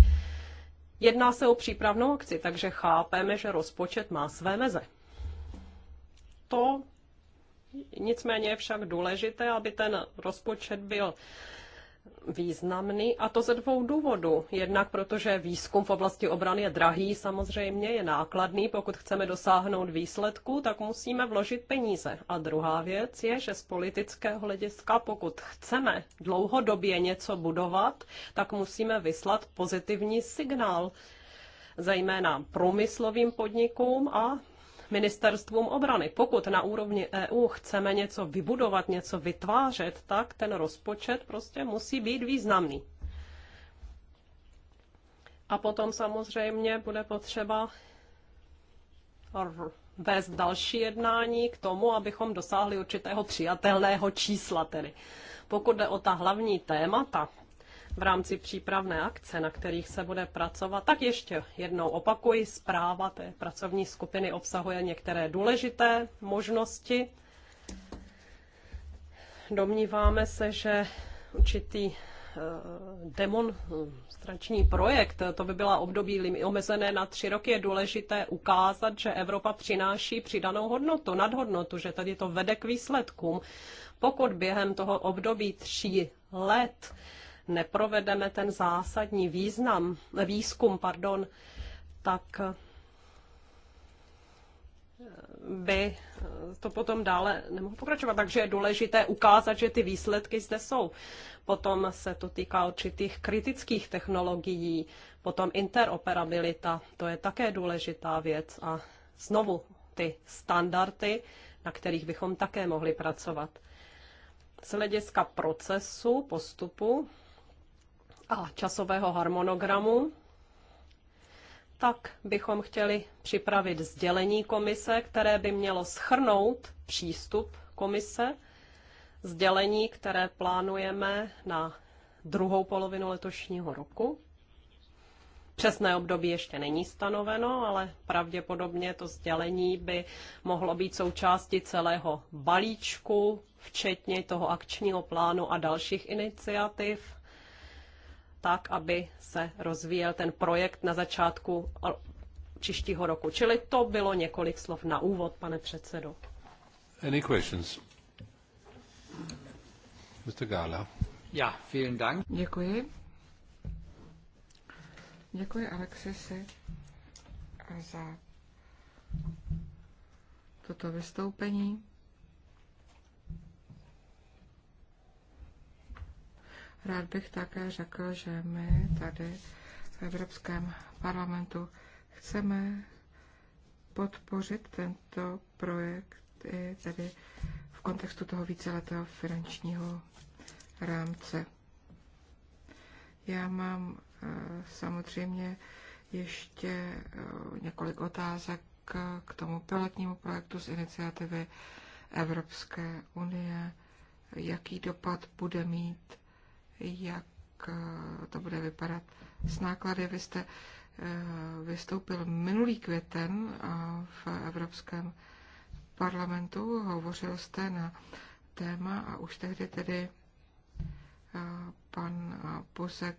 Jedná se o přípravnou akci, takže chápeme, že rozpočet má své meze. To nicméně je však důležité, aby ten rozpočet byl významný a to ze dvou důvodů. Jednak protože výzkum v oblasti obrany je drahý, samozřejmě je nákladný. Pokud chceme dosáhnout výsledku, tak musíme vložit peníze. A druhá věc je, že z politického hlediska, pokud chceme dlouhodobě něco budovat, tak musíme vyslat pozitivní signál zejména průmyslovým podnikům a ministerstvům obrany. Pokud na úrovni EU chceme něco vybudovat, něco vytvářet, tak ten rozpočet prostě musí být významný. A potom samozřejmě bude potřeba vést další jednání k tomu, abychom dosáhli určitého přijatelného čísla tedy. Pokud jde o ta hlavní témata, v rámci přípravné akce, na kterých se bude pracovat, tak ještě jednou opakuji, zpráva té pracovní skupiny obsahuje některé důležité možnosti. Domníváme se, že určitý eh, demonstrační projekt, to by byla období omezené na tři roky, je důležité ukázat, že Evropa přináší přidanou hodnotu, nadhodnotu, že tady to vede k výsledkům. Pokud během toho období tří let neprovedeme ten zásadní význam, výzkum, pardon, tak eh, by eh, to potom dále nemohlo pokračovat. Takže je důležité ukázat, že ty výsledky zde jsou. Potom se to týká určitých kritických technologií, potom interoperabilita, to je také důležitá věc. A znovu ty standardy, na kterých bychom také mohli pracovat. Z hlediska procesu, postupu, a časového harmonogramu, tak bychom chtěli připravit sdělení komise, které by mělo schrnout přístup komise, sdělení, které plánujeme na druhou polovinu letošního roku. Přesné období ještě není stanoveno, ale pravděpodobně to sdělení by mohlo být součástí celého balíčku, včetně toho akčního plánu a dalších iniciativ, tak, aby se rozvíjel ten projekt na začátku příštího roku. Čili to bylo několik slov na úvod, pane předsedo. Any questions? Mr. Gala. Ja, vielen Dank. Děkuji. Děkuji Alexisi za toto vystoupení. Rád bych také řekl, že my tady v Evropském parlamentu chceme podpořit tento projekt i tady v kontextu toho víceletého finančního rámce. Já mám eh, samozřejmě ještě eh, několik otázek k tomu pilotnímu projektu z iniciativy Evropské unie, jaký dopad bude mít jak eh, to bude vypadat s náklady. Vy jste eh, vystoupil minulý květen eh, v Evropském parlamentu, hovořil jste na téma a už tehdy tedy pan Pusek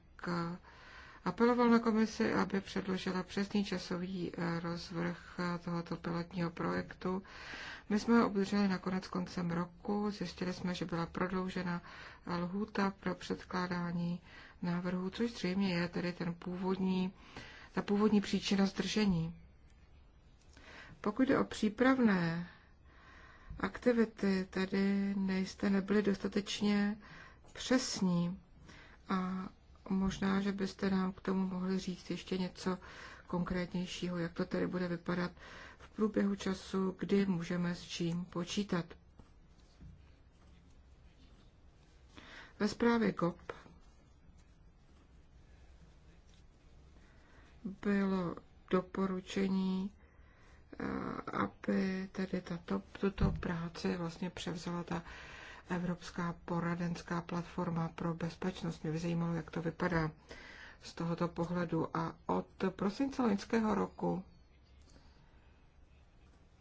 apeloval na komisi, aby předložila přesný časový eh, rozvrh eh, tohoto pilotního projektu. My jsme ho obdrželi nakonec koncem roku, zjistili jsme, že byla prodloužena eh, lhůta pro předkládání návrhů, což zřejmě je tedy ten původní, ta původní příčina zdržení. Pokud jde o přípravné aktivity, tedy nejste nebyli dostatečně přesní a Možná, že byste nám k tomu mohli říct ještě něco konkrétnějšího, jak to tedy bude vypadat v průběhu času, kdy můžeme s čím počítat. Ve zprávě GOP bylo doporučení, eh, aby tedy tato, tuto práci vlastně převzala ta Evropská poradenská platforma pro bezpečnost. Mě by zajímalo, jak to vypadá z tohoto pohledu. A od prosince loňského roku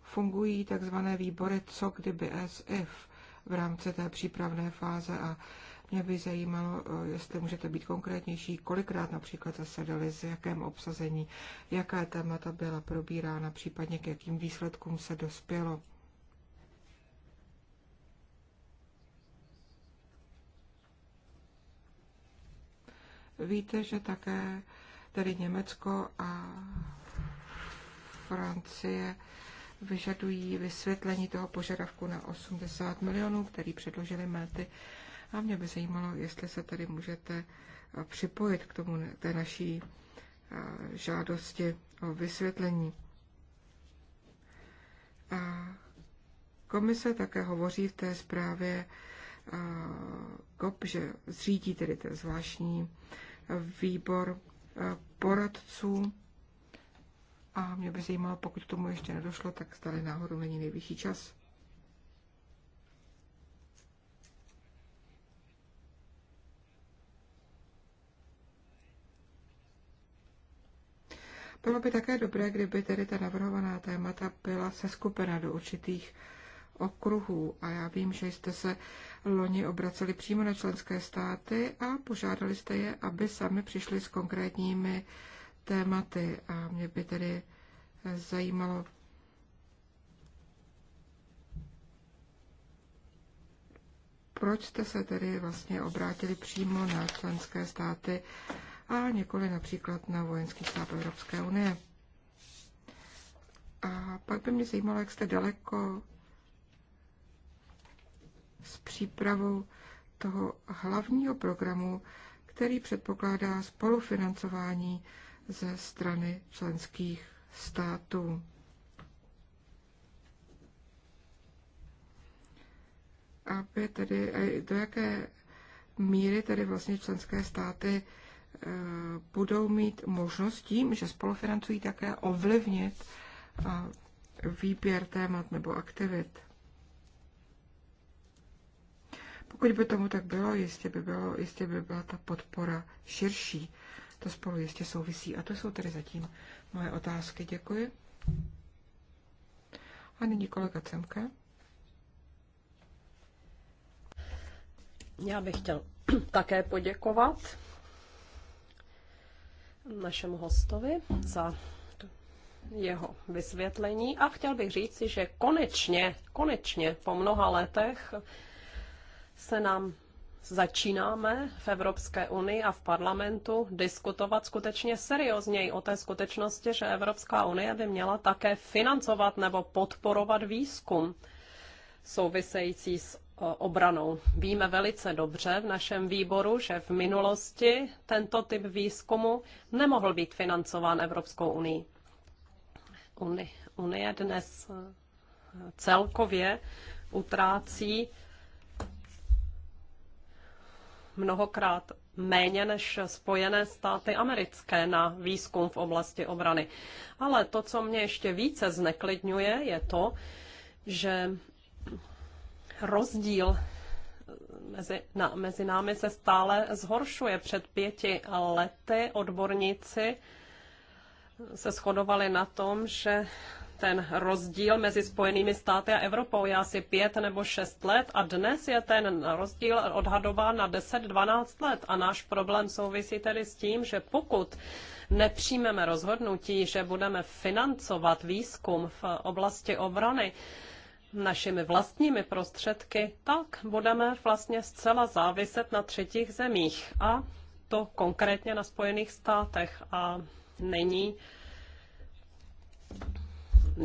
fungují takzvané výbory co kdyby as if v rámci té přípravné fáze a mě by zajímalo, jestli můžete být konkrétnější, kolikrát například zasedali, s jakém obsazení, jaká témata byla probírána, případně k jakým výsledkům se dospělo. Víte, že také tedy Německo a Francie vyžadují vysvětlení toho požadavku na 80 milionů, který předložili Melty. A mě by zajímalo, jestli se tedy můžete připojit k tomu té naší eh, žádosti o vysvětlení. A komise také hovoří v té zprávě GOP, že zřídí tedy ten zvláštní výbor e, poradců. A mě by zajímalo, pokud k tomu ještě nedošlo, tak stále náhodou není nejvyšší čas. Bylo by také dobré, kdyby tedy ta navrhovaná témata byla seskupena do určitých okruhů. A já vím, že jste se loni obraceli přímo na členské státy a požádali jste je, aby sami přišli s konkrétními tématy. A mě by tedy eh, zajímalo, proč jste se tedy vlastně obrátili přímo na členské státy a nikoli například na vojenský stát Evropské unie. A pak by mě zajímalo, jak jste daleko s přípravou toho hlavního programu, který předpokládá spolufinancování ze strany členských států. Aby tedy, eh, do jaké míry tedy vlastně členské státy eh, budou mít možnost tím, že spolufinancují také ovlivnit eh, výběr témat nebo aktivit. Pokud by tomu tak bylo, jistě by, bylo, jistě by byla ta podpora širší. To spolu jistě souvisí. A to jsou tedy zatím moje otázky. Děkuji. A nyní kolega Cemke. Já bych chtěl také poděkovat našemu hostovi za jeho vysvětlení a chtěl bych říci, že konečně, konečně po mnoha letech se nám začínáme v Evropské unii a v parlamentu diskutovat skutečně seriózněji o té skutečnosti, že Evropská unie by měla také financovat nebo podporovat výzkum související s e, obranou. Víme velice dobře v našem výboru, že v minulosti tento typ výzkumu nemohl být financován Evropskou unii. Unie dnes e, celkově utrácí mnohokrát méně než Spojené státy americké na výzkum v oblasti obrany. Ale to, co mě ještě více zneklidňuje, je to, že rozdíl eh, mezi, na, mezi námi se stále zhoršuje. Před pěti lety odborníci se shodovali na tom, že ten rozdíl mezi Spojenými státy a Evropou je asi pět nebo šest let a dnes je ten rozdíl odhadován na 10-12 let a náš problém souvisí tedy s tím, že pokud nepřijmeme rozhodnutí, že budeme financovat výzkum v oblasti obrany, našimi vlastními prostředky, tak budeme vlastně zcela záviset na třetích zemích a to konkrétně na Spojených státech. A není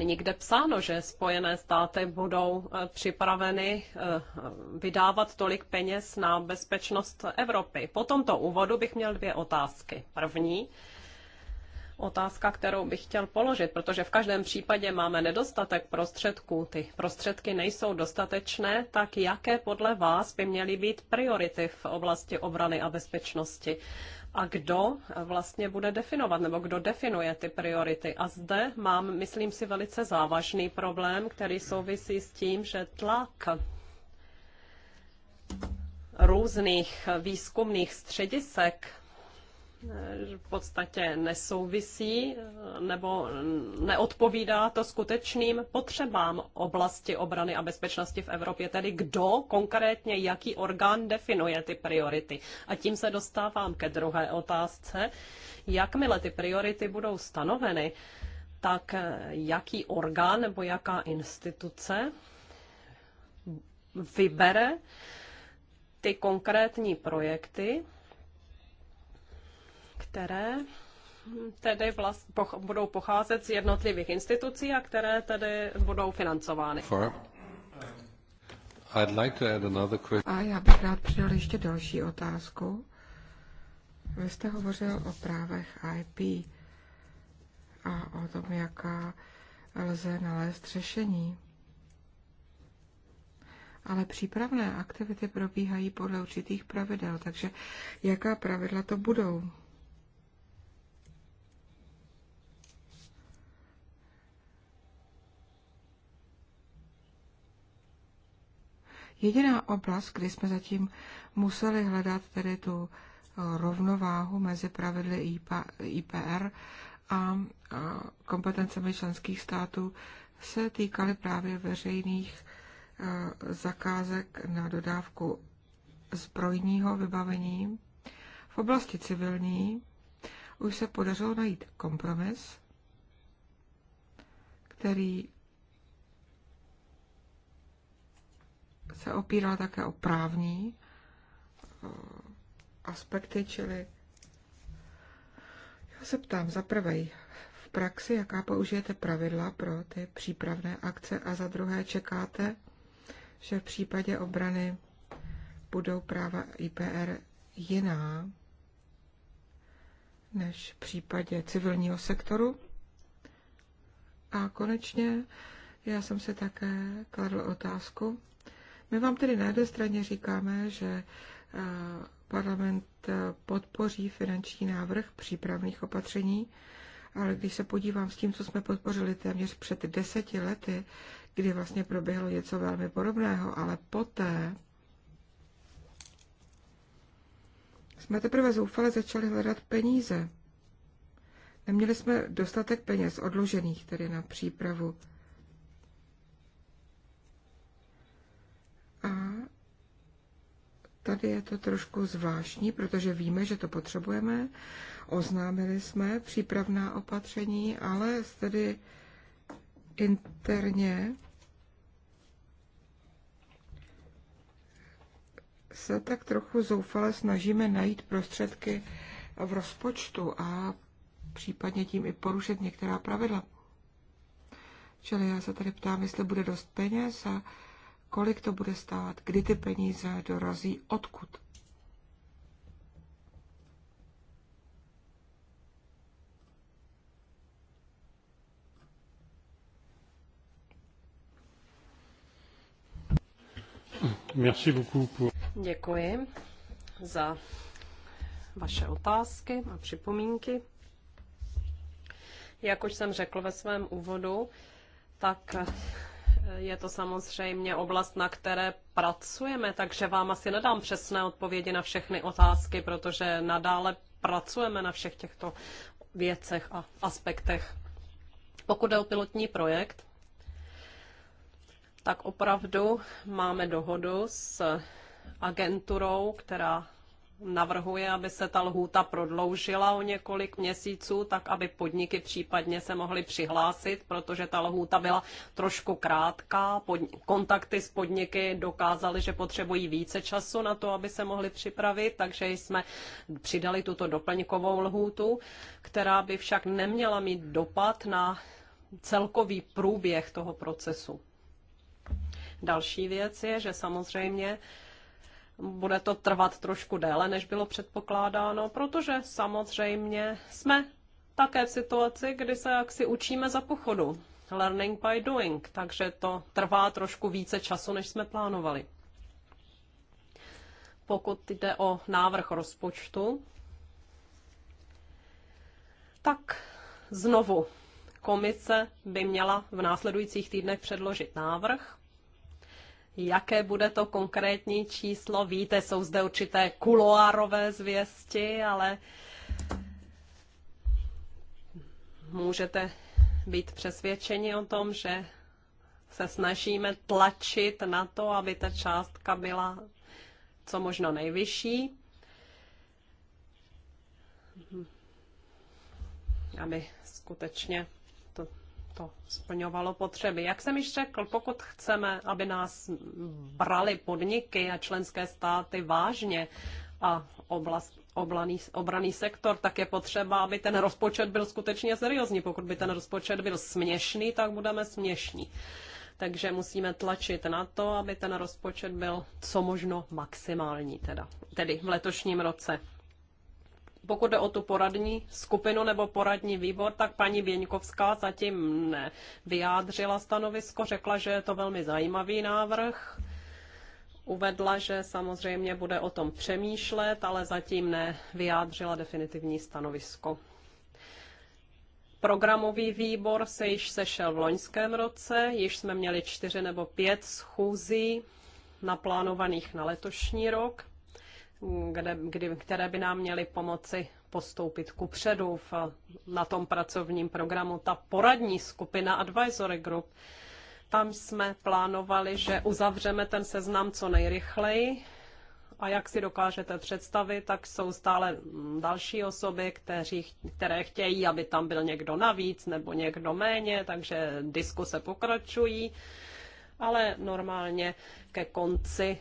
někde psáno, že Spojené státy budou eh, připraveny eh, vydávat tolik peněz na bezpečnost Evropy. Po tomto úvodu bych měl dvě otázky. První, otázka, kterou bych chtěl položit, protože v každém případě máme nedostatek prostředků, ty prostředky nejsou dostatečné, tak jaké podle vás by měly být priority v oblasti obrany a bezpečnosti? a kdo vlastně bude definovat nebo kdo definuje ty priority. A zde mám, myslím si, velice závažný problém, který souvisí s tím, že tlak různých výzkumných středisek v podstatě nesouvisí nebo neodpovídá to skutečným potřebám oblasti obrany a bezpečnosti v Evropě, tedy kdo konkrétně, jaký orgán definuje ty priority. A tím se dostávám ke druhé otázce. Jakmile ty priority budou stanoveny, tak jaký orgán nebo jaká instituce vybere ty konkrétní projekty, které tedy vlast, poch, budou pocházet z jednotlivých institucí a které tedy budou financovány. For, um, I'd like to add another question. A já bych rád přidal ještě další otázku. Vy jste hovořil o právech IP a o tom, jaká lze nalézt řešení. Ale přípravné aktivity probíhají podle určitých pravidel, takže jaká pravidla to budou? jediná oblast, kdy jsme zatím museli hledat tedy tu eh, rovnováhu mezi pravidly IPR a kompetencemi členských států, se týkaly právě veřejných eh, zakázek na dodávku zbrojního vybavení. V oblasti civilní už se podařilo najít kompromis, který se opíral také o právní eh, aspekty, čili já se ptám za prvé v praxi, jaká použijete pravidla pro ty přípravné akce a za druhé čekáte, že v případě obrany budou práva IPR jiná než v případě civilního sektoru. A konečně já jsem se také kladl otázku, my vám tedy na jedné straně říkáme, že eh, parlament eh, podpoří finanční návrh přípravných opatření, ale když se podívám s tím, co jsme podpořili téměř před deseti lety, kdy vlastně proběhlo něco velmi podobného, ale poté jsme teprve zoufale začali hledat peníze. Neměli jsme dostatek peněz odložených tedy na přípravu Tady je to trošku zvláštní, protože víme, že to potřebujeme. Oznámili jsme přípravná opatření, ale tedy interně se tak trochu zoufale snažíme najít prostředky v rozpočtu a případně tím i porušit některá pravidla. Čili já se tady ptám, jestli bude dost peněz a kolik to bude stát, kdy ty peníze dorazí, odkud. Děkuji za vaše otázky a připomínky. Jak už jsem řekl ve svém úvodu, tak je to samozřejmě oblast, na které pracujeme, takže vám asi nedám přesné odpovědi na všechny otázky, protože nadále pracujeme na všech těchto věcech a aspektech. Pokud je o pilotní projekt, tak opravdu máme dohodu s agenturou, která navrhuje, aby se ta lhůta prodloužila o několik měsíců, tak aby podniky případně se mohly přihlásit, protože ta lhůta byla trošku krátká. Pod, kontakty s podniky dokázaly, že potřebují více času na to, aby se mohly připravit, takže jsme přidali tuto doplňkovou lhůtu, která by však neměla mít dopad na celkový průběh toho procesu. Další věc je, že samozřejmě bude to trvat trošku déle, než bylo předpokládáno, protože samozřejmě jsme také v situaci, kdy se jaksi učíme za pochodu. Learning by doing, takže to trvá trošku více času, než jsme plánovali. Pokud jde o návrh rozpočtu, tak znovu komise by měla v následujících týdnech předložit návrh Jaké bude to konkrétní číslo? Víte, jsou zde určité kuloárové zvěsti, ale můžete být přesvědčeni o tom, že se snažíme tlačit na to, aby ta částka byla co možno nejvyšší, aby skutečně to splňovalo potřeby. Jak jsem již řekl, pokud chceme, aby nás brali podniky a členské státy vážně a oblast oblaný, obraný sektor, tak je potřeba, aby ten rozpočet byl skutečně seriózní. Pokud by ten rozpočet byl směšný, tak budeme směšní. Takže musíme tlačit na to, aby ten rozpočet byl co možno maximální, teda, tedy v letošním roce pokud jde o tu poradní skupinu nebo poradní výbor, tak paní Věňkovská zatím nevyjádřila stanovisko, řekla, že je to velmi zajímavý návrh. Uvedla, že samozřejmě bude o tom přemýšlet, ale zatím nevyjádřila definitivní stanovisko. Programový výbor se již sešel v loňském roce, již jsme měli čtyři nebo pět schůzí naplánovaných na letošní rok kde, kdy, které by nám měly pomoci postoupit ku předu v, na tom pracovním programu. Ta poradní skupina Advisory Group, tam jsme plánovali, že uzavřeme ten seznam co nejrychleji. A jak si dokážete představit, tak jsou stále mm, další osoby, kteří, které chtějí, aby tam byl někdo navíc nebo někdo méně, takže diskuse pokračují. Ale normálně ke konci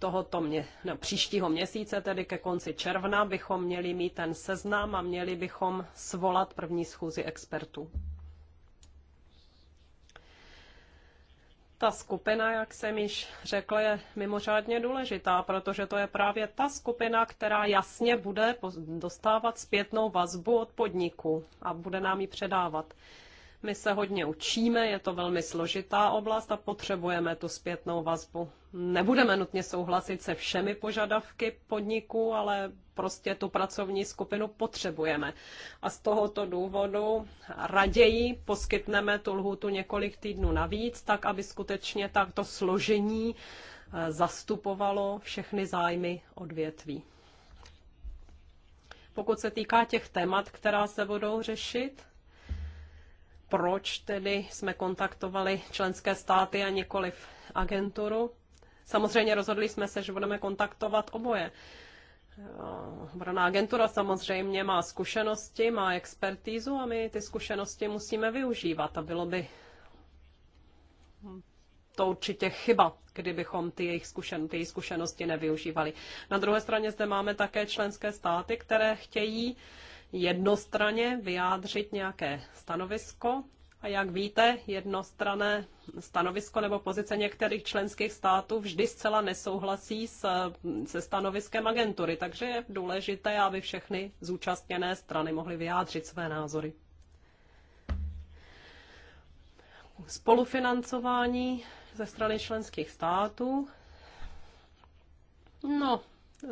tohoto mě, no, příštího měsíce, tedy ke konci června, bychom měli mít ten seznam a měli bychom svolat první schůzi expertů. Ta skupina, jak jsem již řekla, je mimořádně důležitá, protože to je právě ta skupina, která jasně bude dostávat zpětnou vazbu od podniku a bude nám ji předávat. My se hodně učíme, je to velmi složitá oblast a potřebujeme tu zpětnou vazbu nebudeme nutně souhlasit se všemi požadavky podniku, ale prostě tu pracovní skupinu potřebujeme. A z tohoto důvodu raději poskytneme tu lhůtu několik týdnů navíc, tak aby skutečně takto složení eh, zastupovalo všechny zájmy odvětví. Pokud se týká těch témat, která se budou řešit, proč tedy jsme kontaktovali členské státy a nikoliv agenturu, Samozřejmě rozhodli jsme se, že budeme kontaktovat oboje. Obraná agentura samozřejmě má zkušenosti, má expertízu a my ty zkušenosti musíme využívat a bylo by to určitě chyba, kdybychom ty jejich zkušen, ty zkušenosti nevyužívali. Na druhé straně zde máme také členské státy, které chtějí jednostranně vyjádřit nějaké stanovisko a jak víte, jednostrané stanovisko nebo pozice některých členských států vždy zcela nesouhlasí s, se stanoviskem agentury, takže je důležité, aby všechny zúčastněné strany mohly vyjádřit své názory. Spolufinancování ze strany členských států. No,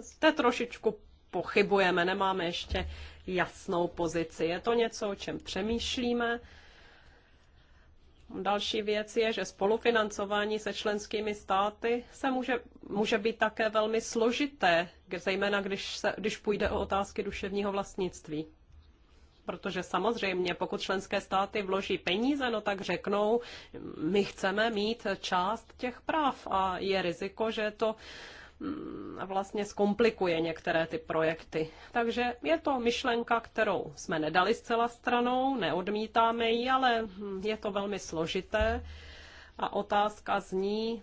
zde trošičku pochybujeme, nemáme ještě jasnou pozici. Je to něco, o čem přemýšlíme Další věc je, že spolufinancování se členskými státy se může, může být také velmi složité, zejména když, se, když půjde o otázky duševního vlastnictví. Protože samozřejmě, pokud členské státy vloží peníze, no tak řeknou, my chceme mít část těch práv a je riziko, že to uh, Mm, vlastně zkomplikuje některé ty projekty. Takže je to myšlenka, kterou jsme nedali zcela stranou, neodmítáme ji, ale hm, je to velmi složité. A otázka zní,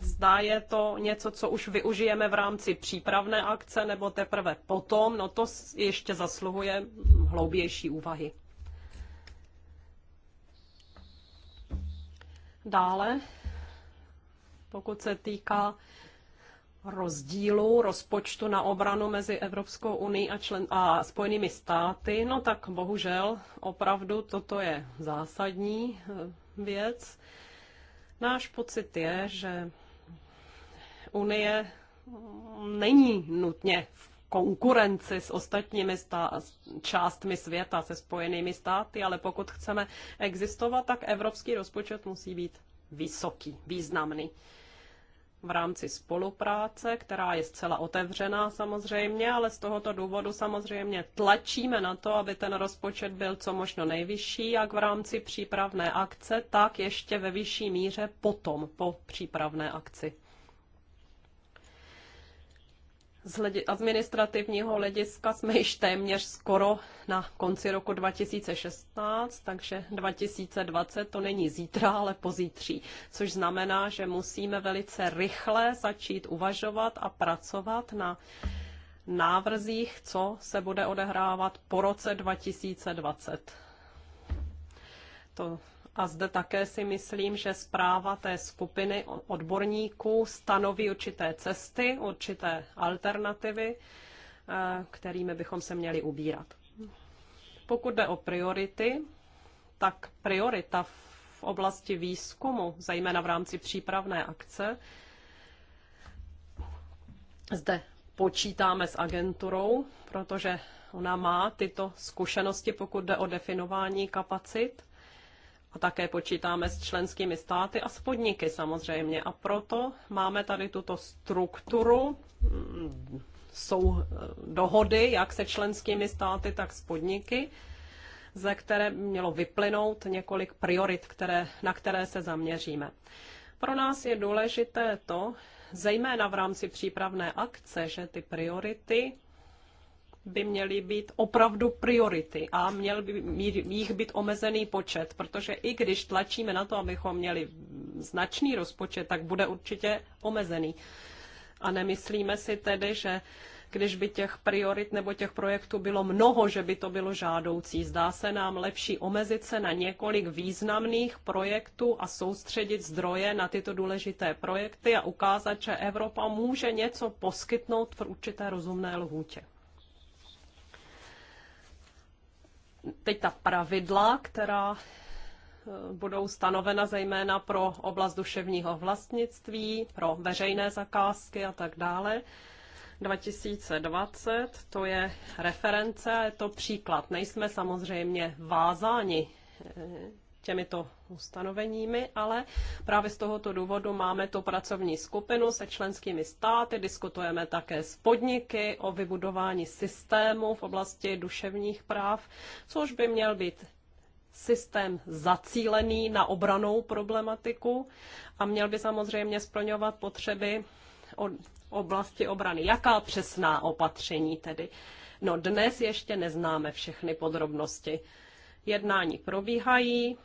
Zdá je to něco, co už využijeme v rámci přípravné akce, nebo teprve potom, no to ještě zasluhuje hloubější úvahy. Dále, pokud se týká rozdílu rozpočtu na obranu mezi Evropskou unii a, člen, a Spojenými státy, no tak bohužel opravdu toto je zásadní eh, věc. Náš pocit je, že Unie není nutně v konkurenci s ostatními stá- částmi světa, se spojenými státy, ale pokud chceme existovat, tak evropský rozpočet musí být vysoký, významný v rámci spolupráce, která je zcela otevřená samozřejmě, ale z tohoto důvodu samozřejmě tlačíme na to, aby ten rozpočet byl co možno nejvyšší, jak v rámci přípravné akce, tak ještě ve vyšší míře potom po přípravné akci z hledi- administrativního hlediska jsme již téměř skoro na konci roku 2016, takže 2020 to není zítra, ale pozítří, což znamená, že musíme velice rychle začít uvažovat a pracovat na návrzích, co se bude odehrávat po roce 2020. To a zde také si myslím, že zpráva té skupiny odborníků stanoví určité cesty, určité alternativy, eh, kterými bychom se měli ubírat. Pokud jde o priority, tak priorita v oblasti výzkumu, zejména v rámci přípravné akce, zde počítáme s agenturou, protože ona má tyto zkušenosti, pokud jde o definování kapacit a také počítáme s členskými státy a s podniky samozřejmě. A proto máme tady tuto strukturu jsou mm, eh, dohody, jak se členskými státy, tak s podniky, ze které mělo vyplynout několik priorit, které, na které se zaměříme. Pro nás je důležité to, zejména v rámci přípravné akce, že ty priority by měly být opravdu priority a měl by jich být omezený počet, protože i když tlačíme na to, abychom měli značný rozpočet, tak bude určitě omezený. A nemyslíme si tedy, že když by těch priorit nebo těch projektů bylo mnoho, že by to bylo žádoucí. Zdá se nám lepší omezit se na několik významných projektů a soustředit zdroje na tyto důležité projekty a ukázat, že Evropa může něco poskytnout v určité rozumné lhůtě. teď ta pravidla, která eh, budou stanovena zejména pro oblast duševního vlastnictví, pro veřejné zakázky a tak dále. 2020, to je reference, je to příklad. Nejsme samozřejmě vázáni eh, těmito ustanoveními, ale právě z tohoto důvodu máme tu pracovní skupinu se členskými státy, diskutujeme také s podniky o vybudování systému v oblasti duševních práv, což by měl být systém zacílený na obranou problematiku a měl by samozřejmě splňovat potřeby od oblasti obrany. Jaká přesná opatření tedy? No dnes ještě neznáme všechny podrobnosti. Jednání probíhají,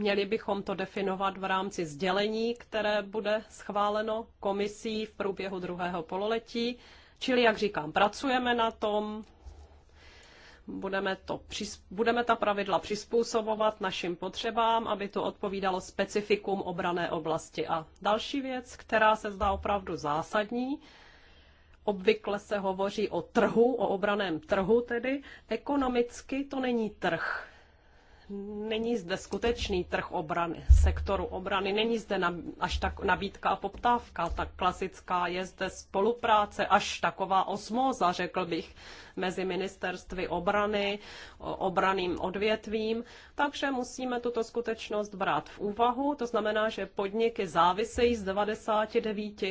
Měli bychom to definovat v rámci sdělení, které bude schváleno komisí v průběhu druhého pololetí. Čili, jak říkám, pracujeme na tom, budeme, to, budeme ta pravidla přizpůsobovat našim potřebám, aby to odpovídalo specifikum obrané oblasti. A další věc, která se zdá opravdu zásadní, obvykle se hovoří o trhu, o obraném trhu tedy, ekonomicky to není trh není zde skutečný trh obrany, sektoru obrany, není zde až tak nabídka a poptávka, tak klasická je zde spolupráce, až taková osmóza, řekl bych, mezi ministerstvy obrany, obraným odvětvím, takže musíme tuto skutečnost brát v úvahu, to znamená, že podniky závisejí z 99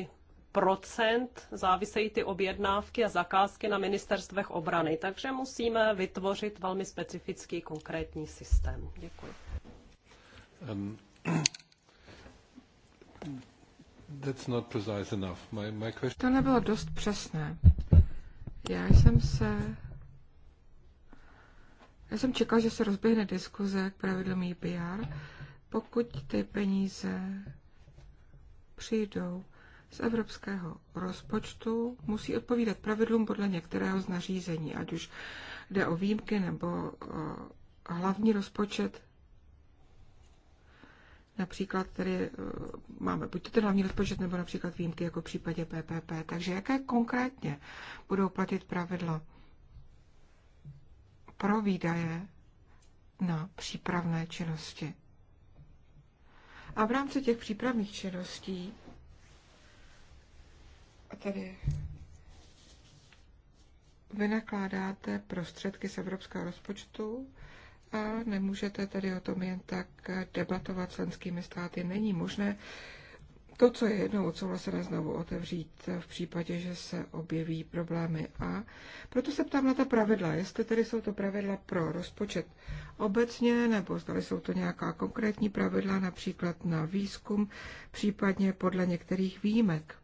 procent závisejí ty objednávky a zakázky na ministerstvech obrany. Takže musíme vytvořit velmi specifický konkrétní systém. Děkuji. Um, that's not precise enough. My, my question... To nebylo dost přesné. Já jsem se... Já jsem čekal, že se rozběhne diskuze k pravidlům IPR, e pokud ty peníze přijdou z evropského rozpočtu musí odpovídat pravidlům podle některého z nařízení, ať už jde o výjimky nebo o eh, hlavní rozpočet. Například tedy eh, máme buď ten hlavní rozpočet, nebo například výjimky jako v případě PPP. Takže jaké konkrétně budou platit pravidla pro výdaje na přípravné činnosti? A v rámci těch přípravných činností tady vynakládáte prostředky z evropského rozpočtu a nemůžete tedy o tom jen tak debatovat s členskými státy. Není možné to, co je jednou odsouhlasené, znovu otevřít v případě, že se objeví problémy. A proto se ptám na ta pravidla, jestli tedy jsou to pravidla pro rozpočet obecně, nebo zdali jsou to nějaká konkrétní pravidla, například na výzkum, případně podle některých výjimek.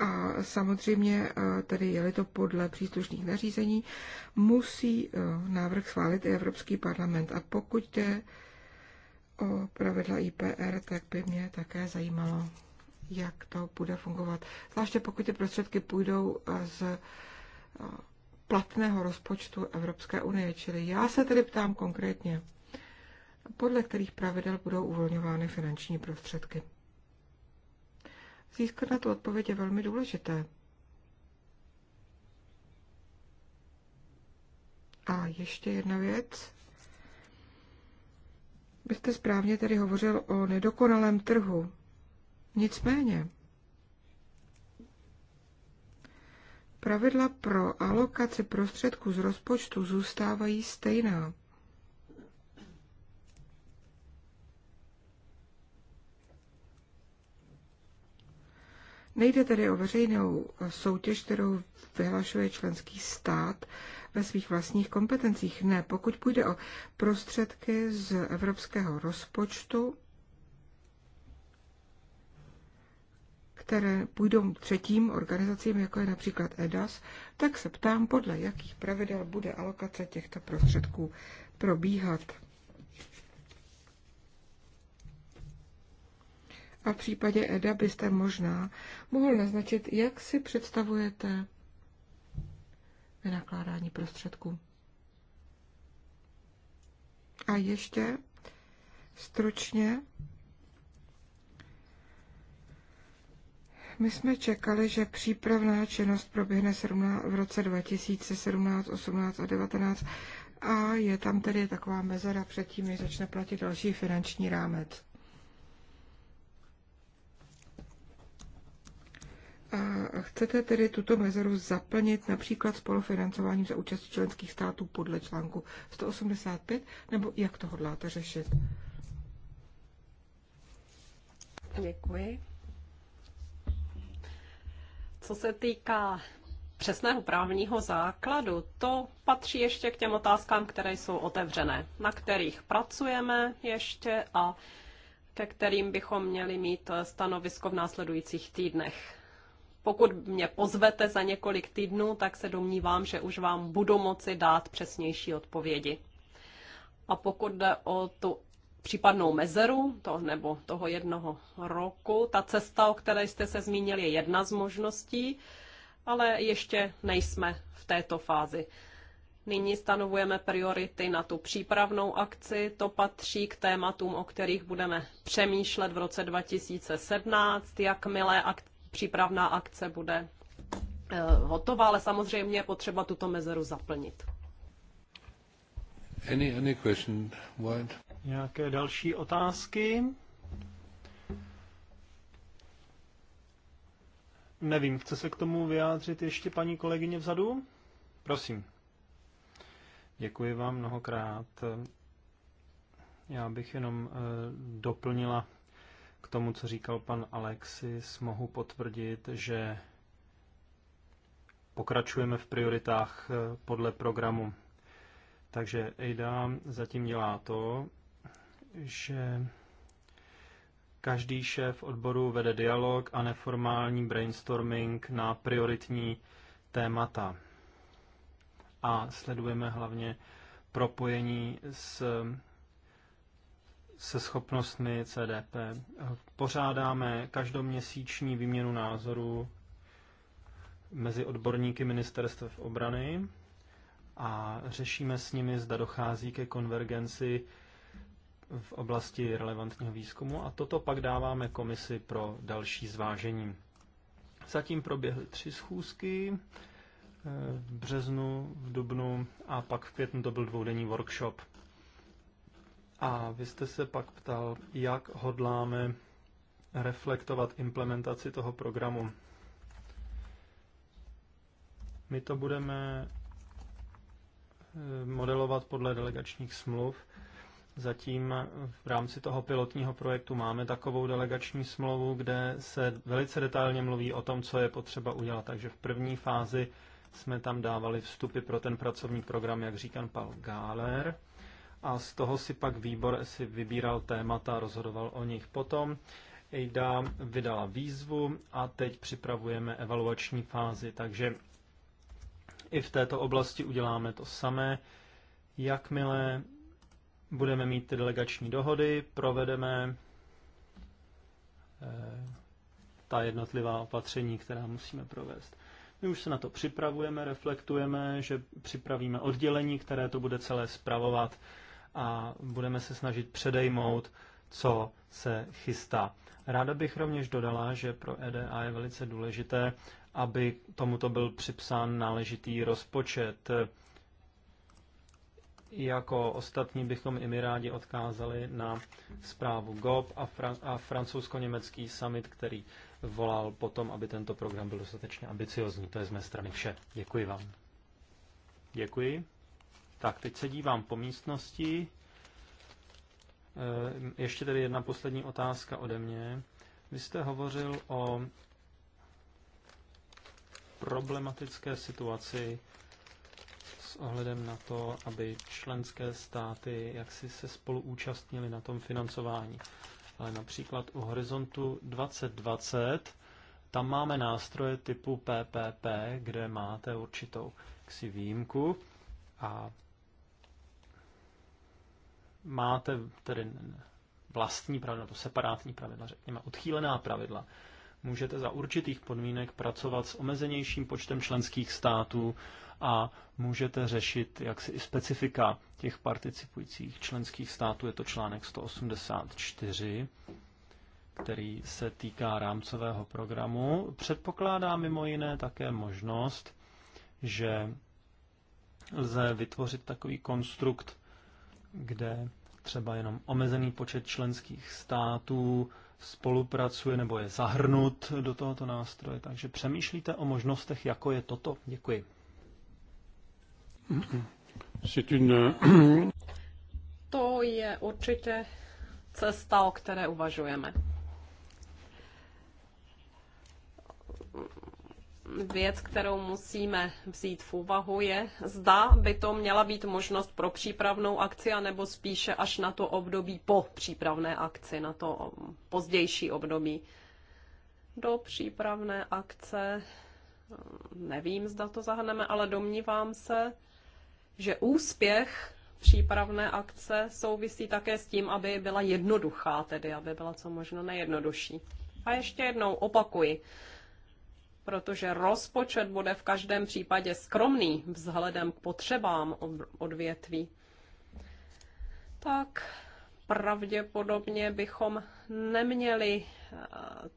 a samozřejmě, e, tedy je-li to podle příslušných nařízení, musí e, návrh schválit i Evropský parlament. A pokud jde o pravidla IPR, tak by mě také zajímalo, jak to bude fungovat. Zvláště pokud ty prostředky půjdou e, z platného rozpočtu Evropské unie. Čili já se tedy ptám konkrétně, podle kterých pravidel budou uvolňovány finanční prostředky. Získat na tu odpověď je velmi důležité. A ještě jedna věc. Vy jste správně tedy hovořil o nedokonalém trhu. Nicméně, pravidla pro alokaci prostředků z rozpočtu zůstávají stejná. Nejde tedy o veřejnou soutěž, kterou vyhlašuje členský stát ve svých vlastních kompetencích. Ne, pokud půjde o prostředky z evropského rozpočtu, které půjdou třetím organizacím, jako je například EDAS, tak se ptám, podle jakých pravidel bude alokace těchto prostředků probíhat. A v případě EDA byste možná mohl naznačit, jak si představujete vynakládání prostředků. A ještě stručně My jsme čekali, že přípravná činnost proběhne 17, v roce 2017, 18 a 19 a je tam tedy taková mezera předtím, než začne platit další finanční rámec. A chcete tedy tuto mezeru zaplnit například spolufinancováním za účast členských států podle článku 185, nebo jak to hodláte řešit? Děkuji. Co se týká přesného právního základu, to patří ještě k těm otázkám, které jsou otevřené, na kterých pracujeme ještě a ke kterým bychom měli mít stanovisko v následujících týdnech. Pokud mě pozvete za několik týdnů, tak se domnívám, že už vám budu moci dát přesnější odpovědi. A pokud jde o tu případnou mezeru, to, nebo toho jednoho roku, ta cesta, o které jste se zmínil, je jedna z možností, ale ještě nejsme v této fázi. Nyní stanovujeme priority na tu přípravnou akci. To patří k tématům, o kterých budeme přemýšlet v roce 2017, jakmile přípravná akce bude eh, hotová, ale samozřejmě je potřeba tuto mezeru zaplnit. Any, any question, Nějaké další otázky? Nevím, chce se k tomu vyjádřit ještě paní kolegyně vzadu? Prosím. Děkuji vám mnohokrát. Já bych jenom eh, doplnila tomu, co říkal pan Alexis, mohu potvrdit, že pokračujeme v prioritách eh, podle programu. Takže Ada zatím dělá to, že každý šéf odboru vede dialog a neformální brainstorming na prioritní témata. A sledujeme hlavně propojení s se schopnostmi CDP. Pořádáme každoměsíční výměnu názorů mezi odborníky ministerstv obrany a řešíme s nimi, zda dochází ke konvergenci v oblasti relevantního výzkumu a toto pak dáváme komisi pro další zvážení. Zatím proběhly tři schůzky eh, v březnu, v dubnu a pak v květnu to byl dvoudenní workshop. A vy jste se pak ptal, jak hodláme reflektovat implementaci toho programu. My to budeme eh, modelovat podle delegačních smluv. Zatím v rámci toho pilotního projektu máme takovou delegační smlouvu, kde se velice detailně mluví o tom, co je potřeba udělat. Takže v první fázi jsme tam dávali vstupy pro ten pracovní program, jak říkal Paul Gáler a z toho si pak výbor si vybíral témata, rozhodoval o nich potom. Ejda vydala výzvu a teď připravujeme evaluační fázi, takže i v této oblasti uděláme to samé. Jakmile budeme mít ty delegační dohody, provedeme eh, ta jednotlivá opatření, která musíme provést. My už se na to připravujeme, reflektujeme, že připravíme oddělení, které to bude celé spravovat a budeme se snažit předejmout, co se chystá. Ráda bych rovněž dodala, že pro EDA je velice důležité, aby tomuto byl připsán náležitý rozpočet. Jako ostatní bychom i my rádi odkázali na zprávu GOP a, fran- a francouzsko-německý summit, který volal potom, aby tento program byl dostatečně ambiciozní. To je z mé strany vše. Děkuji vám. Děkuji. Tak, teď se dívám po místnosti. Eh, ještě tady jedna poslední otázka ode mě. Vy jste hovořil o problematické situaci s ohledem na to, aby členské státy jaksi se spolu účastnili na tom financování. Ale například u Horizontu 2020 tam máme nástroje typu PPP, kde máte určitou ksi výjimku a máte tedy vlastní pravidla, to separátní pravidla, řekněme, odchýlená pravidla, můžete za určitých podmínek pracovat s omezenějším počtem členských států a můžete řešit jaksi i specifika těch participujících členských států. Je to článek 184, který se týká rámcového programu. Předpokládá mimo jiné také možnost, že lze vytvořit takový konstrukt kde třeba jenom omezený počet členských států spolupracuje nebo je zahrnut do tohoto nástroje. Takže přemýšlíte o možnostech, jako je toto. Děkuji. To je určitě cesta, o které uvažujeme. věc, kterou musíme vzít v úvahu, je, zda by to měla být možnost pro přípravnou akci, anebo spíše až na to období po přípravné akci, na to pozdější období. Do přípravné akce eh, nevím, zda to zahneme, ale domnívám se, že úspěch přípravné akce souvisí také s tím, aby byla jednoduchá, tedy aby byla co možno nejjednodušší. A ještě jednou opakuji, protože rozpočet bude v každém případě skromný vzhledem k potřebám odvětví, tak pravděpodobně bychom neměli eh,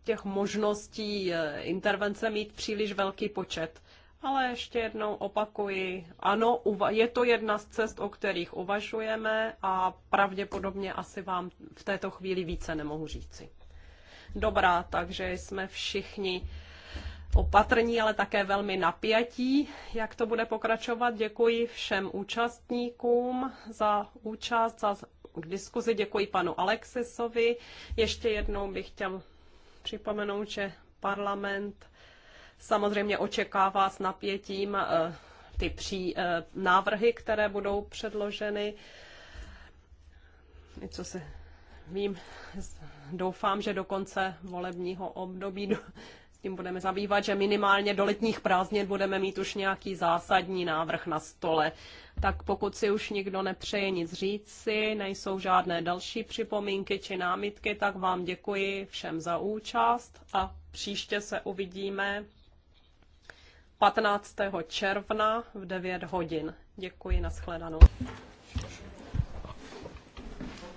těch možností eh, intervence mít příliš velký počet. Ale ještě jednou opakuji, ano, je to jedna z cest, o kterých uvažujeme a pravděpodobně asi vám v této chvíli více nemohu říci. Dobrá, takže jsme všichni opatrní, ale také velmi napjatí, jak to bude pokračovat. Děkuji všem účastníkům za účast, za k diskuzi. Děkuji panu Alexisovi. Ještě jednou bych chtěl připomenout, že parlament samozřejmě očekává s napětím eh, ty pří, eh, návrhy, které budou předloženy. I co se vím, doufám, že do konce volebního období tím budeme zabývat, že minimálně do letních prázdnin budeme mít už nějaký zásadní návrh na stole. Tak pokud si už nikdo nepřeje nic říci, nejsou žádné další připomínky či námitky, tak vám děkuji všem za účast a příště se uvidíme 15. června v 9 hodin. Děkuji, nashledanou.